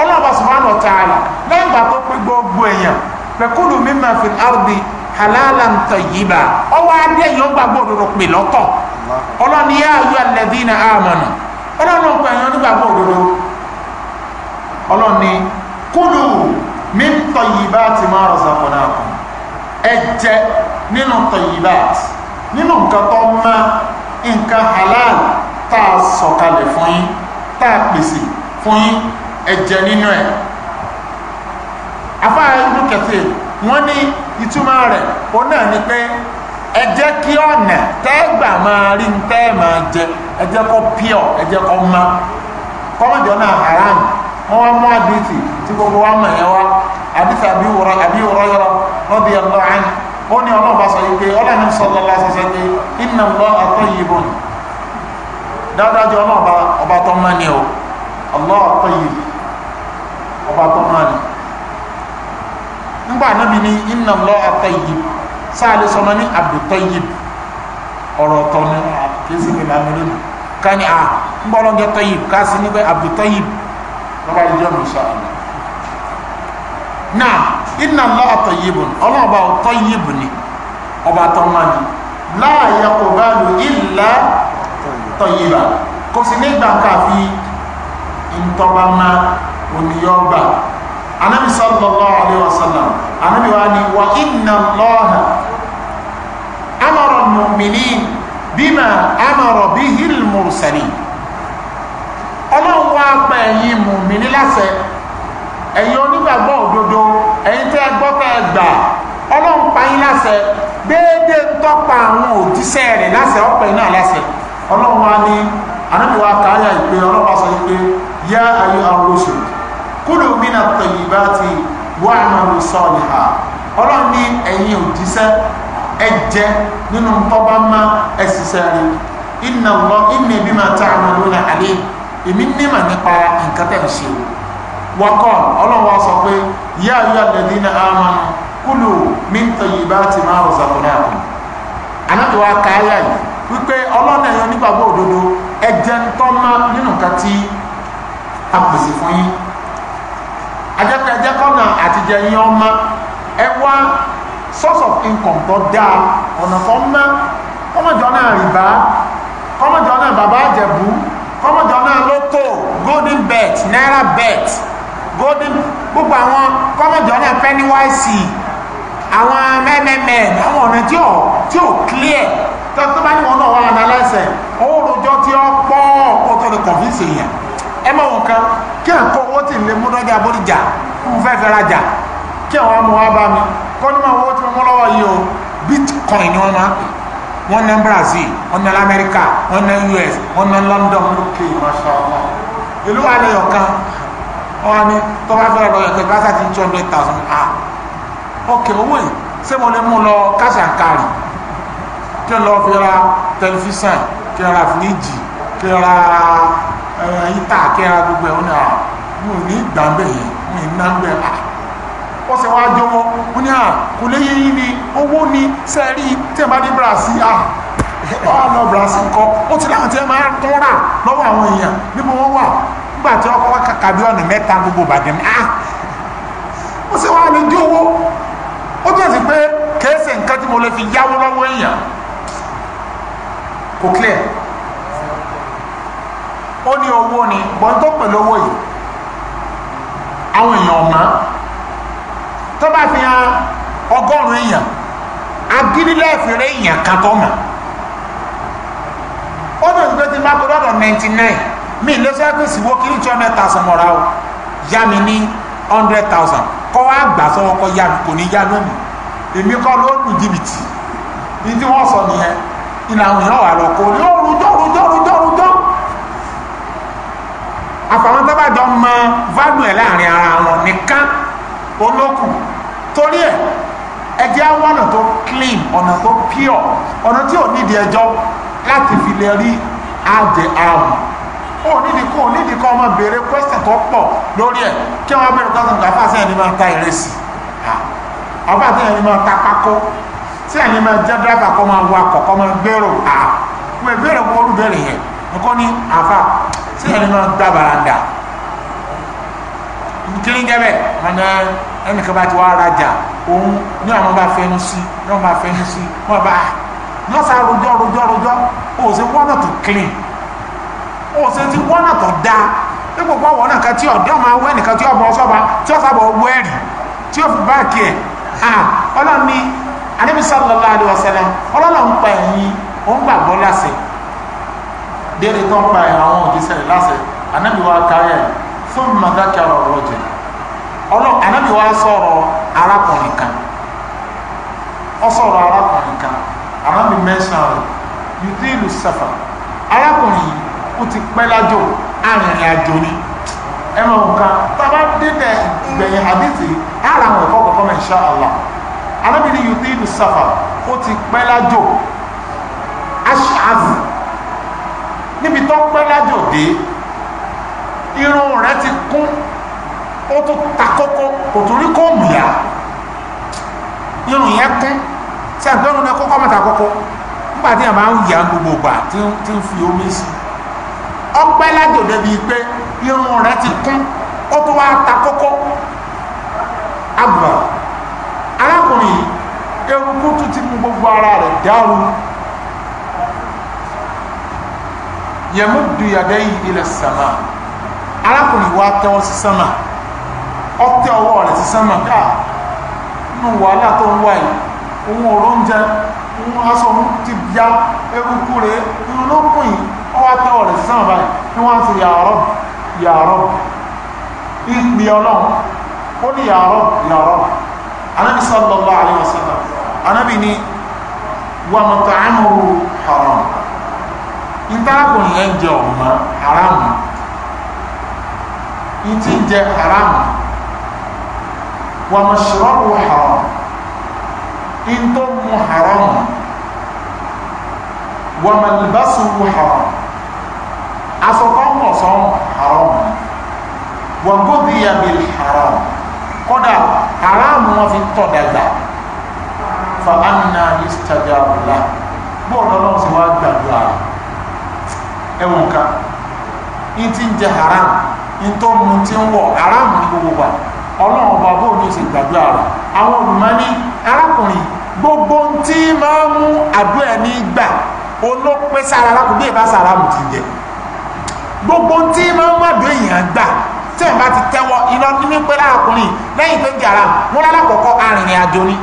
Speaker 2: ọlọ́ọ̀bá sùnmọ́ àná tààlà lẹ́yìn ìgbà tó pé gbogbo èèyàn nakulu mimma fil ardi halalan tayyiba ọwọ́ adé yìí ó gbàgbọ́ òdodo pè lọ́tọ̀ ọlọ́ni yá ayọ́ alladhina amanu ọlọ́ni ọgbà yẹn onígbàgbọ́ òdodo ọlọ́ni kulu min tayyibati ma razaqnakum ẹ jẹ nínú tayyibat nínú nǹkan tó mọ́ nǹkan halal tá a sọ̀kalẹ̀ fún yín tá a pèsè fún yín ẹ jẹ nínú ẹ̀ afáà kathir wọ́n ní ìtumọ̀ rẹ̀ ó náà ni pé ẹ jẹ́ kí ọ̀nà tẹ́gbà máa rí tẹ́ máa jẹ ẹ jẹ́ kó pure ẹ jẹ́ kó mọ́ kọ́mọ̀jọ́ náà haram wọ́n wá mú àdìsí tí gbogbo wa mọ̀ yẹn wá àdìsí àbí wúrọ̀ àbí wúrọ̀ yọrọ lọ́dí ẹ̀ lọ́wọ́ àná ó ní ọlọ́ọ̀bá sọ yìí pé ọlọ́ọ̀ni sọ̀rọ̀ lọ́sọ̀ sọ pé iná lọ àtọ́ yìí bọ̀ ni dáadájú ọlọ́ọ̀bá ọba tó mọ́ ni o ọlọ́ọ̀tọ́ yìí ọba tó mọ́ ni ńgbà anábì ní inna Allaha tayyib sáàlì sọmọ ní Abdul Tayyib ọ̀rọ̀ ọ̀tọ̀ ni kìí pẹ̀lú amẹ́lẹ́ nù ká ní ah, à ń bọ́ lọ́jọ́ Tayyib ká sí nígbà Abdul Tayyib lọ́ba ìjọ mi sọ àná náà inna Allaha tayyibun ọlọ́ọ̀bà tayyib ni ọba tó máa ní la yaqbalu illa tayyiba kò sí nígbà káfí ntọ́ba máa oníyọ́ gbà anabi sallallahu alayhi wa sallam anabi wa ni wa inna allaha amara mu'minin bima amara bihi al-mursalin ọlọ́run wá pa ẹ̀yin mùmíní láṣẹ ẹ̀yin onígbàgbọ́ òdodo ẹ̀yin tẹ́ gbọ́ tẹ́ gbà ọlọ́run pa yín láṣẹ déédéé tọ́pa àwọn òjíṣẹ́ rẹ̀ láṣẹ ọ̀pẹ̀ náà láṣẹ ọlọ́run wá ní anábìwá káyà ìpè ọlọ́pàá sọ yìí pé yá ayé àwọn oṣù kúlù mínà tẹ̀yìnbá ti wà àmàlù sọ́ọ̀lìhà ọlọ́run ní ẹ̀yin òjíṣẹ́ ẹ jẹ nínú tọ́ba má ẹ ṣiṣẹ́ rí iná lọ iná ibi máa tá àmàlù náà àlè èmi nímà nípa nǹkan tẹ̀ ń ṣe wọ́kọ́ ọlọ́run wa sọ pé yá ayọ́ àlẹ́dí ní àmàlù kúlù mí tẹ̀yìnbá ti máa zàkúnlẹ̀ àmàlù anábìwá káyà yìí wípé ọlọ́nà ẹ̀yọ́ nígbàgbọ́ òdodo ẹ ń tọ́ má nínú nǹkan tí fún yín ajẹ́pẹ́ ajẹ́kọ́nà àtijẹ́ yín ọmọ ẹ wá source of income tó dáa ọ̀nà tó mọ́ kọ́mọ̀jọ náà rìbá kọ́mọ̀jọ náà bàbá àjẹ̀bú kọ́mọ̀jọ náà loto golden bet naira bet golden gbogbo àwọn kọ́mọ̀jọ náà pennywise àwọn mẹ́mẹ́mẹ́ àwọn ọ̀nà tí ò tí ò clear tó tó bá ní wọn náà wà lánàá lẹ́sẹ̀ ó rojọ́ tí ó pọ̀ ó tó lè kọ̀fíìsì yẹn ẹ mọ̀ wọn kan kí àtọ́ wọ́n ti lè mú dọ́jà bóríjà fún fẹ́ fẹ́ rajà kí àwọn amọ̀ wá bá mi kọ́ ní máa wọ́n ti mọ́ lọ́wọ́ yìí o bitcoin ni wọ́n máa pè wọ́n ná Brazil wọ́n ná Amẹ́ríkà wọ́n ná US wọ́n ná London lókè masha Allah ìlú wa lè yọ̀kan wọ́n ní tó bá fẹ́ lọ yọ̀kan ìbáṣà ti two hundred thousand ah ok owó yìí ṣé mo lè mú lọ kásàkárì kí n lọ fi ra tẹlifíṣàn kí n ra fìríjì kí n ra ẹ̀yìn tá àkẹ́ra gbogbo ẹ̀ wọn náà mo ní ìgbà ń bẹ̀ yẹn mo ní ń bẹ̀ à wọ́n ṣe wá jọ wọn mo ní à kò léyé yín ni owó ni sẹ́ẹ̀rí tí ẹ̀ bá ní Brazil à ọ̀ lọ Brazil kọ́ ó ti láwọn tí ẹ máa tán rà lọ́wọ́ àwọn èèyàn níbo wọ́n wà nígbà tí ọkọ̀ wá kàkà bí ọ̀nà mẹ́ta gbogbo Ìbàdàn à wọ́n ṣe wá lè dí owó ó tún sí pé kèése nǹkan tí mo lè fi yáwó lọ́wọ́ èèyàn kò clear ó ní owó ni bọ́n tó pẹ̀lú owó yìí àwọn èèyàn ọ̀mọ́ tó bá fi hàn ọgọ́rùn-ún èèyàn agídílẹ́ẹ̀fì èèyàn kan tó mọ̀ ó bẹ̀rẹ̀ ti máa kó 99 mi ló pé síwó kí ní 200,000 mọ̀ra o yá mi ní 100,000 kọ́ wá gbà sọ́wọ́ kọ́ yá mi kò ní yá lónìí èmi kọ́ ló jìbìtì ní tí wọ́n sọ nìyẹn ìlànà ìyàn wà àfàwọn tó bá jọ mọ value ẹ̀ láàrin ara wọn nìkan olókùn torí ẹ̀ ẹjẹ́ àwọn ọ̀nà tó clean ọ̀nà tó pure ọ̀nà tí ò nídìí ẹjọ́ láti fi lè rí àjẹ àrùn ó nídìí kó nídìí kó ọmọ béèrè question tó pọ̀ lórí ẹ̀ kí wọ́n bẹ̀rẹ̀ kọ́sọ̀ nǹkan fáṣẹ́ ẹni máa ta ìrẹsì ọba àti ẹni máa ta pákó tí ẹni máa jẹ́ dráìbà kó máa wakọ̀ kó máa gbèrò à wọ́n gbèrò wọ́n yẹn nǹkan ní àfa sẹ́yìn eh, oh, ni máa ń gbá baranda kiri jẹ́bẹ̀ àná ẹnìkan bá ti wá rajà òun ní àwọn bá fẹnu sí ní wọn bá fẹnu sí wọn bá yọ sá rojọ́ rojọ́ rojọ́ o ṣe wọ́nà tó clean o ṣe ti wọ́nà tó da ipò pọ̀ wọ́nà kan tí ọ̀dọ́ máa wẹ́ nìkan tí ọ̀bọ̀ ọ̀ṣọ́ba tí ọ̀ṣàbọ̀ wẹ́ẹ̀rì tí ó fi báàkì ẹ̀ hàn ọlọ́ni Ànábì sallallahu alaihi wasallam ọlọ́lọ́ ń pa ẹ̀yìn òun gbàgbọ́ lásìkò déédéé tó ń pa àwọn òjíṣẹ́ rẹ̀ láṣẹ anábì wa kárí ẹ̀ fún mọ̀dákẹ́ ọ̀rọ̀ ọ̀rọ̀ jẹ ọlọ́ anábì wa sọ̀rọ̀ arákùnrin kan ọ sọ̀rọ̀ arákùnrin kan anábì mẹ́sàn rẹ̀ yudhilu safa arákùnrin ó ti pẹ́ lájò arìnrìn àjò ni ẹ mọ̀ nǹkan tábà dédé ìgbẹ̀yìn àdìsí ara àwọn ẹ̀kọ́ kọ̀ọ̀kan mẹ́ insha Allah anábì ni yudhilu safa ó ti pẹ́ lájò ash'az níbi tó pẹ́ lájò dé irun rẹ̀ ti kún ó tún ta kókó kò tún rí kóòmù yá irun yẹn kún tí àgbẹ̀rún náà kókó mọ̀ta kókó nígbà tí àmà ń yà gbogbo gbà tí ń fi omi sí ọpẹ́ lájò débi pé irun rẹ̀ ti kún ó tún wá ta kókó àgbà arákùnrin eruku tún ti mú gbogbo ara rẹ̀ dàrú yamuddu yadayhi ila sama arákùnrin wa tẹ́wọ́ sí sánmà ọtẹ ọwọ́ rẹ̀ sí sánmà ká nínú wàhálà tó ń wá yìí òun ò róúnjẹ òun aṣọ òun ti ya eruku rẹ̀ irun ló kùn yìí ọwọ́ tẹ́wọ́ rẹ̀ sí sánmà báyìí ni wọ́n ti ya Rabb ìpè ọlọ́run ó ní ya Rabb ya Rabb anábì sallallahu alaihi wasallam anábì ni wàmọ̀tà àmúrú haram ìtaàbùn yẹn jẹ ọ̀mọ́ haramu ìtì jẹ haramu wà mọ̀ṣọ́rọ̀bù haramu ìtò mu haramu wà mọ̀lẹ́bàṣọ́rù haramu asọ̀kọ́mọ̀sọ́ haramu wà gòdìyàbí haramu kódà haramu wọn fi tọ̀ dàgbà fa anna yustajabu la bọ́ọ̀lù ọlọ́run wá gbàgbà ẹ̀wọ̀n kan n ti ń jẹ haram n tó mu ti ń wọ̀ haram ní gbogbo wa ọlọ́run ọba bóun ní oṣù gbàdúrà rẹ̀ àwọn olùmọ́ni arákùnrin gbogbo tí máa mú àdúrà ní gbà olópin sára alákùnrin bí ìbá sára mu ti jẹ gbogbo tí máa mú àdúrà èèyàn gbà tẹ̀ bá ti tẹ́wọ́ iná ní pé arákùnrin lẹ́yìn tó ń jàrá wọn lálákọ̀ọ́kọ́ arìnrìn àjò ni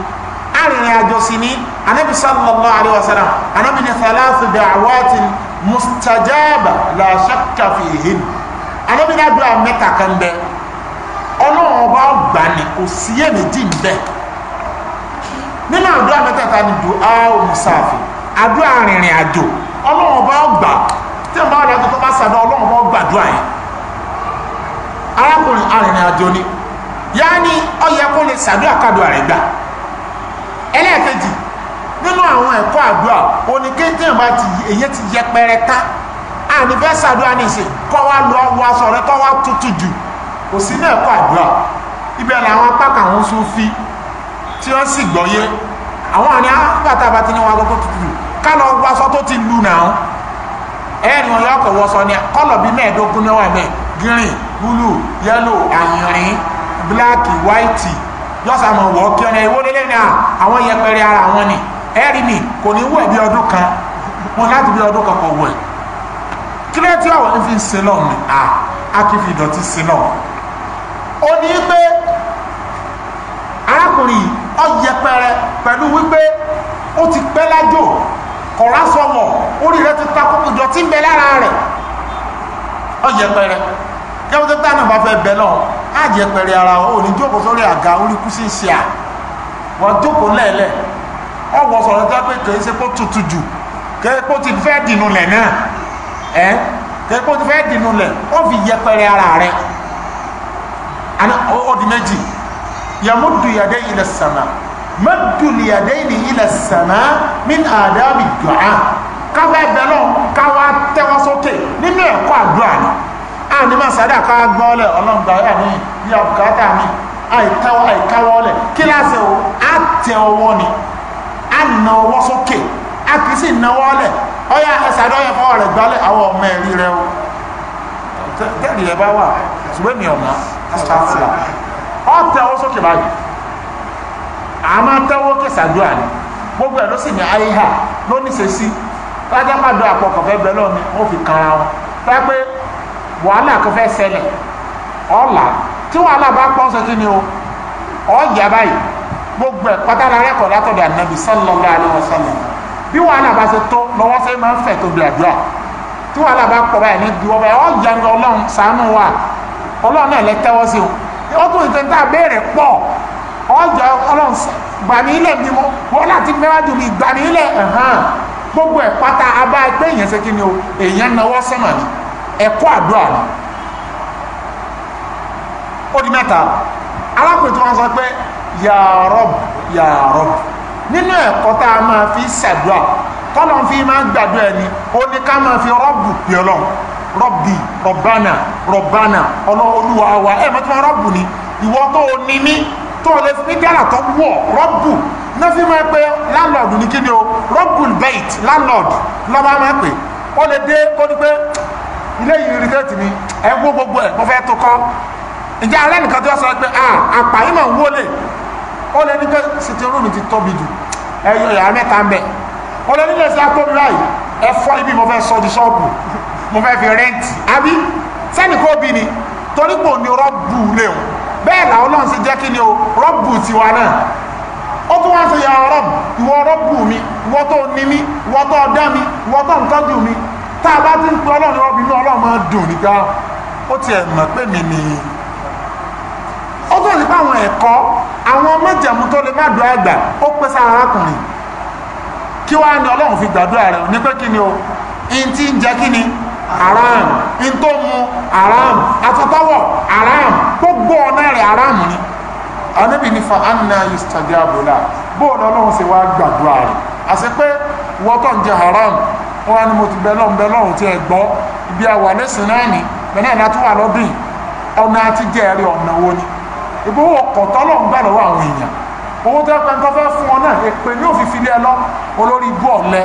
Speaker 2: arìnrìn àjò sì ni anabi sallallahu alayhi wa sallam anabi ni salatu da'awatin mustajaba la ṣakka fihin anábìnrin àdúrà mẹ́ta kan bẹ ọlọ́run ọba ọgbà ni kò sí èméjì ń bẹ nínú àdúrà mẹ́tẹ̀ẹ̀ta ni du ao musafi àdúrà rìnrìn àjò ọlọ́run ọba ọgbà tí ẹ̀ bá wà lọ́dún tó bá sàdọ̀ ọlọ́run ọba ọgbà àdúrà yẹn arákùnrin arìnrìn àjò ni yáà ní ó yẹ kó lè sàdúrà kádùn àrẹ̀gbà ẹlẹ́ẹ̀kejì nínú àwọn ẹ̀kọ́ àdúrà òní kéńtì bá ti èyí ti yẹpẹrẹ ká ànífẹ́sẹ̀ àdúrà ní ìsìn kọ́ wá lọ wọ aṣọ rẹ kọ́ wá tutù jù kò sí ní ẹ̀kọ́ àdúrà ibẹ̀ làwọn pápá àwọn Sufi tí wọ́n sì gbọ́yé àwọn àní àbàtà bá ní wọn agbọ́kọ́ tutù jù ká lọ wọ aṣọ tó ti lu nàá ẹ̀ẹ́nì wọn yọkọ̀ wọṣọ ni kọ́lọ̀ bíi mẹ́ẹ̀ẹ́dógún náà wà mẹ́ẹ̀ green blue yellow àyìnrín black white yọ́sàmọ̀ wọ́ kí ọ ní ìwọ́lélẹ́ àwọn yẹpẹrẹ ara wọn ni ẹ̀rí mi kò ní wẹ̀ bí ọdún kan wọn láti bí ọdún kan kò wẹ̀ kí ló tí àwọn fi ń sin náà ni a á kì í fi ìdọ̀tí sin náà ó ní pé arákùnrin ọ̀yẹpẹrẹ pẹ̀lú wípé ó ti pẹ́ lájò kọ̀rá sọmọ̀ orí rẹ ti ta kókò ìdọ̀tí ń bẹ lára rẹ̀ ọ̀yẹpẹrẹ kẹ́wọ́n tó dáná bá fẹ́ bẹ lọ á yẹpẹrẹ ara ò ní jókòó sórí àga orí kú à wọ́n jókòó lẹ́ẹ̀lẹ́ẹ̀ ọwọ́ sọ̀rọ̀ tó pé kìí ṣe kó tutù jù kìí kó ti fẹ́ dìnnú lẹ̀ náà ẹ kìí kó ti fẹ́ dìnnú lẹ̀ ó fi yẹpẹrẹ ara rẹ ó di méjì yàmúdù yàdé ilẹ̀ sàmà mẹ́dù yàdé ilẹ̀ sàmà mí àdábì dùn án káwá ẹ̀bẹ̀ lọ káwá tẹ́wọ́ sókè nínú ẹ̀kọ́ àdúrà ni a ní máa sáré àká gbọ́ọ̀lẹ̀ ọlọ́mgbà yà ní bí àbùkátà mi àìkáwọ́lẹ̀ kí láṣẹ o á tẹ ọwọ́ ni á na ọwọ́ sókè a kì í sì nawọ́ lẹ̀ ọyá ẹsàdọ́ yẹ fọwọ́ rẹ̀ gbálẹ̀ àwọn ọmọ ẹ̀rí rẹ o tẹ́lì ẹ bá wà ṣùgbọ́n mi ọ̀nà ṣàfùlà ọ tẹ ọwọ́ sókè báyìí a máa tẹ́wọ́ kẹsàdúrà ni gbogbo ẹ̀ ló sì ní ayé hà ló ní ṣe sí lájá pàdé àpọ̀kọ̀ fẹ́ bẹ́ẹ̀ lọ́ni ó fi kanra wọn fẹ́ pé wàhálà kan fẹ́ ṣẹlẹ̀ ọ̀ gbogbo ẹ̀ pátára rẹ́kọ̀ọ́ látọ̀dọ̀ ànábì sallallahu alaihi wasallam bí wàhálà bá ṣe tó lọ́wọ́ sẹ́yìn máa ń fẹ̀ tóbi àdúrà tí wàhálà bá pọ̀ báyìí ní diwọ́ báyìí ọ́ jẹun ọlọ́run ṣàánú wa ọlọ́run náà lẹ tẹ́wọ́ sí o ó tún ìtẹ́ tá a béèrè pọ̀ ọ́ jẹ ọlọ́run gbàmí ilẹ̀ ni mo wọ́n láti mẹ́wájú mi gbàmí ilẹ̀ ẹ̀hán gbogbo ẹ̀ pátá abá ẹgbẹ́ èèyàn ṣe kí ni o èèyàn náwó sọ́nà ni ẹ̀kọ́ àdúrà ni ó di mẹ́ta alákòótó wọn sọ pé ya Rabb ya Rabb nínú ẹ̀kọ́ tá a máa fi ṣàdúrà tọ́lọ́ fi máa gbàdúrà ẹni ó ní ká máa fi rọ́bù pè ọlọ́run rọ́bì rọ̀bánà rọ̀bánà ọlọ́olúwa wa ẹ̀ mọ́ tí wọ́n rọ́bù ni ìwọ tó o ní mí tó o lè fi mí dára tó wọ̀ rọ́bù náà fi máa pe landlord ní kí ni o rọ́bù bait landlord lọ́ba máa pè ó lè dé kó ní pé ilé yìí irritate mi ẹ̀ ń wó gbogbo ẹ̀ mo fẹ́ tó kọ́ ìjà alẹ́ nìkan tó yọ sọ pé àpà yìí máa ń wọlé ó lè ní pé sitting room ti tóbi jù ẹyọ yàrá mẹ́ta ń bẹ̀ ó lè ní lẹ́sẹ̀ àpòmí báyìí ẹ fọ́ ibi mo fẹ́ sọ di ṣọ́ọ̀bù mo fẹ́ fi rẹ́ǹtì àbí sẹ́ni kó bí ni torí pò ní rọ́bù lè o bẹ́ẹ̀ làwọn náà ṣe jẹ́ kí ni o rọ́bù tiwa náà ó tún wá ń sọ ya rọ́bù ìwọ rọ́bù mi ìwọ tó ní mi ìwọ tó dá mi ìwọ tó ń tọ́jú mi tá a bá ti ń pe ọlọ́run rọ́bù inú ọlọ́run máa dùn nígbà ó tiẹ̀ mọ̀ pé mi nìyí ẹ̀kọ́ àwọn májẹ̀mú tó lè má dùn àgbà ó pẹ́ sára arákùnrin kí wàá ní ọlọ́run fi gbàdúrà rẹ̀ ní pé kí ni o n ti ń jẹ kí ni haram n tó mu haram àtọ́tọ́wọ̀ haram gbogbo ọ̀nà rẹ̀ haram ni anábì ní fa anna yustajabu la bóòlù ọlọ́run sì wá gbàdúrà rẹ̀ àti pé wọ́tọ̀ ń jẹ haram wọ́n á ní mo ti bẹ lọ́run bẹ lọ́run tí ẹ gbọ́ ibi àwà lẹ́sìn náà ni bẹ́ẹ̀ náà látúwà lọ́dún ọ̀nà àti ẹ̀rí ọ̀nà wo ni ìgbówó ọkọ̀ tọ́lọ̀ ń gbà lọ́wọ́ àwọn èèyàn owó tó ẹpẹ tó fẹ́ fún ọ náà èpè ní òfin fi lé ẹ lọ olórí ibú ọ̀lẹ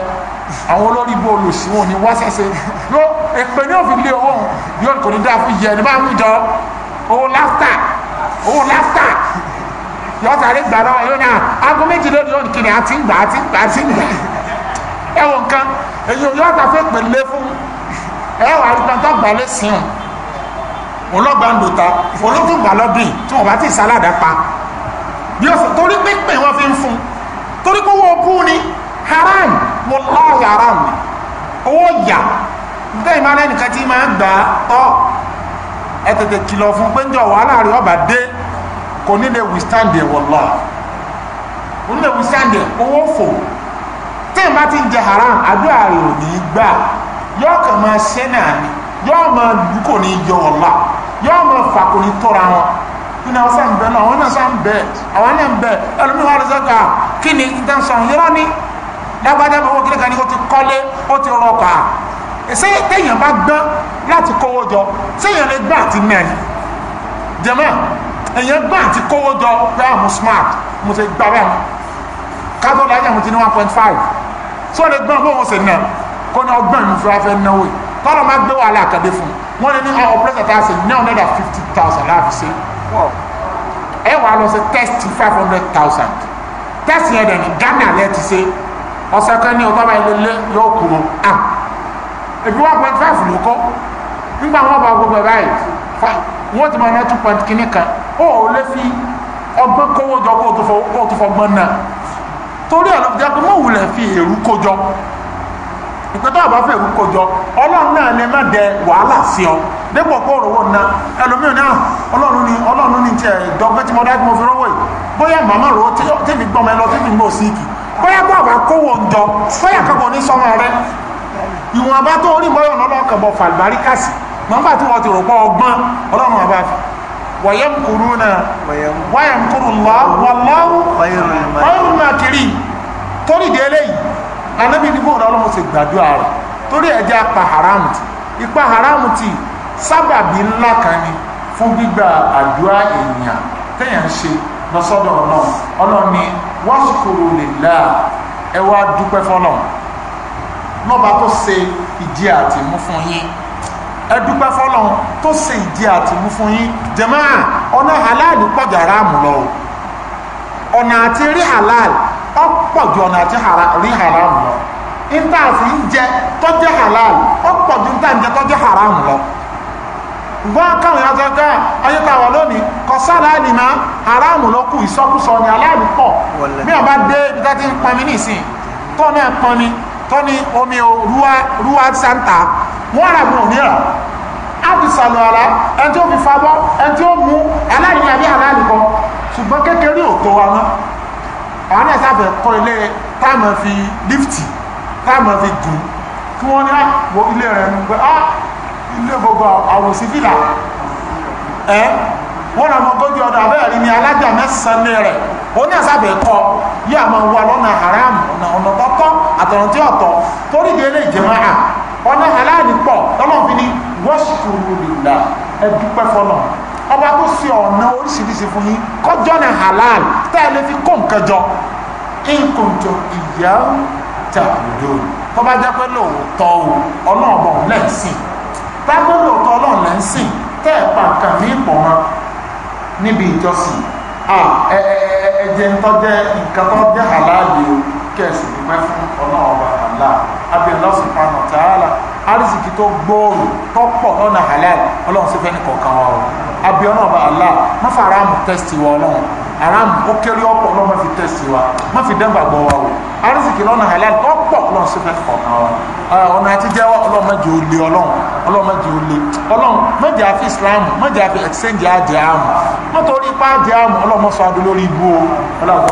Speaker 2: àwọn olórí ibú olùsíwọ̀n ni wá sẹ́sẹ́ yóò èpè ní òfin lé owó yóò kò ní dáa fún yẹ ní bá ń jọ owó láftà owó láftà yóò sáré gbà lọ́wọ́ yóò ní aago méjì lónìí yóò ní kiri àti ń gbà àti ń gbà àti ń gbà ẹ̀wọ̀n nǹkan èyí yóò tà fẹ́ pè lé fún ẹ̀wọ̀n àrùkàn tó gbà lé sí òun lọ́gbà ń lòta ìfọlọ́dúngbà lọ́dún tí wọ́n bá ti sálàdà pa bí ó torí pípẹ́ wọ́n fi ń fún torí kówó bú ni haram wallahi haram ni owó yà nígbà ìmọ̀ alẹ́ nìkan tí máa ń gbà tọ́ ẹ tètè kìlọ̀ fún pé ń jọ wàhálà rí ọba dé kò ní lè withstand ẹ̀ wallahi kò ní lè withstand ẹ̀ owó fò tí ìmọ̀ ti ń jẹ haram àdúrà rẹ̀ ò ní gbà yọ̀ọ̀kan máa ṣẹ́ náà ni yóò máa dùn kò ní yọ ọ̀la yóò máa fà kò ní tọ́ra wọn kí ni àwọn sáà ń bẹ náà àwọn náà sáà ń bẹ àwọn náà ń bẹ ẹlòmíràn àrùn sẹ́ka kí ni ìdánsán yọ́rọ́ ni lágbájá bá wọ́n kílẹ̀ka ni ó ti kọ́lé ó ti rọkà ṣé téèyàn bá gbọ́n láti kówó jọ séèyàn lè gbà àti mẹ́rin jẹ́mọ́ èèyàn gbà àti kówó jọ bẹ́ẹ̀ mo smart mo ti gbà bẹ́ẹ̀ kátó lájà mo ti ní one point five tí wọ́n lè gbọ́n bó wọn sì nà kó ní ọgbọ́n mi fẹ́ fẹ́ náwó yìí kọ́lọ̀ máa gbé wàhálà àkàdé fún wọn lè ní ọ̀pọ̀lọpọ̀ tá a ṣe nine hundred fifty thousand láàbì ṣe ẹ wàá lọ sí test five hundred thousand test yẹn dẹ̀ ní Ghana lẹ́ ti ṣe ọ̀sẹ̀ kan ní ọ̀tọ́ báyìí lé yóò kú wọn à èbí one point five ló kọ́ nígbà wọn bá gbogbo ẹ̀ báyìí wọn ti máa ná two point kìíní kan ó ò lè fi ọgbọ́n kówó jọ kó o tó fọgbọ́n náà torí ẹ̀ ló fi jẹ́ pé mọ̀ wulẹ̀ fi èrú kó jọ. nǹkan tó àbá ìwú kọjọ ọlọ́run náà ni má dẹ wàhálà sí ọ dépò kó òrówó ná ẹlòmíràn náà ah, ọlọ́run ni ọlọ́run ni tiẹ̀ tí mo dá tí mo fi rówó yìí bóyá màmá rò ó tẹ́bi gbọ́mọ ẹ lọ tẹ́bi mọ́ sí ìkì bóyá bó àbá kówó ń jọ bóyá kankan ní sọmọ rẹ ìwọ̀n àbá tó orí bọ̀ fàlùbáríkàsì nọ́mbà tí wọ́n ti torí lànàbí ní bóun ọlọ́mọ ṣe gbàdúrà rẹ̀ torí ẹ̀jẹ̀ apá haram ti ipa haram ti sábàbí ńlá kan ni fún gbígba àdúrà èèyàn téèyàn ń ṣe lọ́sọ́dọ̀ ọlọ́run ọlọ́run ni washkuru lillah ẹ wá dúpẹ́ fọlọ́ lọ́ba tó ṣe ìdí àtìmú fún yín ẹ dúpẹ́ fọlọ́ tó ṣe ìdí àtìmú fún yín jàmáà ọ̀nà halal pọ̀jà ráàmù lọ ọ̀nà àti rí halal ọ̀pọ̀ ju ọ̀nà àti rí haram lọ níta àfi ń jẹ tọ́jú halal ọ̀pọ̀ ju níta ń jẹ tọ́jú haram lọ gbọ́n káwọn yàtọ̀ ká ah, ayé tá a wà lónìí kọ sára ni haram lọ kú ìsọkúsọ ni aláàlú pọ̀ bí wọ́n bá dé ibi tá ti ń pọnmi nísìn tọ́ náà pọnmi tọ́ ni omi o ruwa ruwa santa wọ́n rà mọ̀ nírà àbùsàlù ara ẹni tí ó fi fa bọ́ ẹni tí ó mú aláàlú àbí aláàlú kan ṣùgbọ́n kékeré ò tó wa náà àwọn náà sáfẹ́ kọ́ ilé táàmù fi lífìtì táàmù fi gùn kí wọ́n ní àpò ah, ilé rẹ̀ ń gbé á ilé gbogbo àwọn sífìlà ẹ wọ́n náà mọ gójú ọdọ abẹ́rẹ́ ni alájà mẹ́sàn-án rẹ̀ ó ní àsáfẹ́ kọ́ yí àmọ́ wa lọ́nà haram ọ̀nà tọ́tọ́ àtọ̀nà tí ọ̀tọ̀ torí di ilé ìjẹ̀mọ́ à ọ̀nà aláàdì pọ̀ lọ́nà fi ni wọ́ṣùkúrú nìlá ẹ dúpẹ́ fọlọ́ọ̀ ọba tó fi ọ̀nà oríṣiríṣi fún yín kọjọ́ ní halal tẹ́ ẹ lè fi kó nǹkan jọ nǹkan ìyá tàbùdó tó bá jẹ́ pé lóòótọ́ o ọlọ́ọ̀bọ̀ lẹ́sìn tábí lóòótọ́ ọlọ́ọ̀ lẹ́sìn tẹ́ ẹ̀ pa nǹkan ní ìpọ̀nmọ́ níbi ìjọsìn ẹ̀jẹ̀ ń tọ́jẹ́ nǹkan tó jẹ́ halali o kẹ̀sì dúpẹ́ fún ọlọ́ọ̀bà àlá abẹ́lẹ́ subhanahu wa ta'ala arísìkí tó gbòòrò tó pọ̀ lọ́nà halal ọlọ́run sì fẹ́ ní kọ̀ọ̀kan wa abiọ́nà ọba Allah má fa aráàmù tẹ́sítì wa ọlọ́run aráàmù ó kéré ọ̀pọ̀ ọlọ́run má fi tẹ́sítì wa má fi dẹ́nbà gbọ́ wa o arísìkì lọ́nà halal ọ̀pọ̀ ọlọ́run sì fẹ́ kọ̀ọ̀kan wa ah, ọ̀nà àti jẹ́wọ́ ọlọ́run má jẹ́ olè ọlọ́run ọlọ́run má jẹ́ olè ọlọ́run má jẹ́ àfi Islam má jẹ́ àfi exchange àjẹ́ àmù má torí ipá àjẹ́ àmù ọlọ́run má sọ adó lórí ibú o a ọlọ́run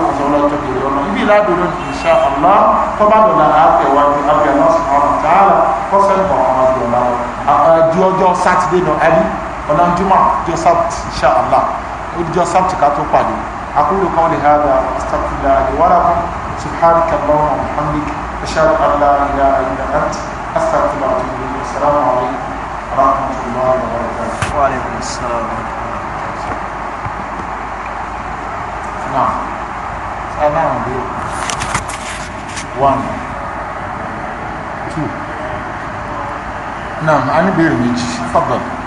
Speaker 2: kọ́ ju ọjọ́ sátidé náà ẹni ولم جمعة جو سبت إن شاء الله ودي جو سبت كاتو قادي أقول قولي هذا أستغفر الله لي ولكم سبحانك اللهم وبحمدك أشهد أن لا إله إلا أنت أستغفرك وأتوب إليك السلام عليكم ورحمة الله وبركاته وعليكم السلام ورحمة الله وبركاته نعم أنا أبيك 1 2
Speaker 1: نعم أنا بيرمج تفضل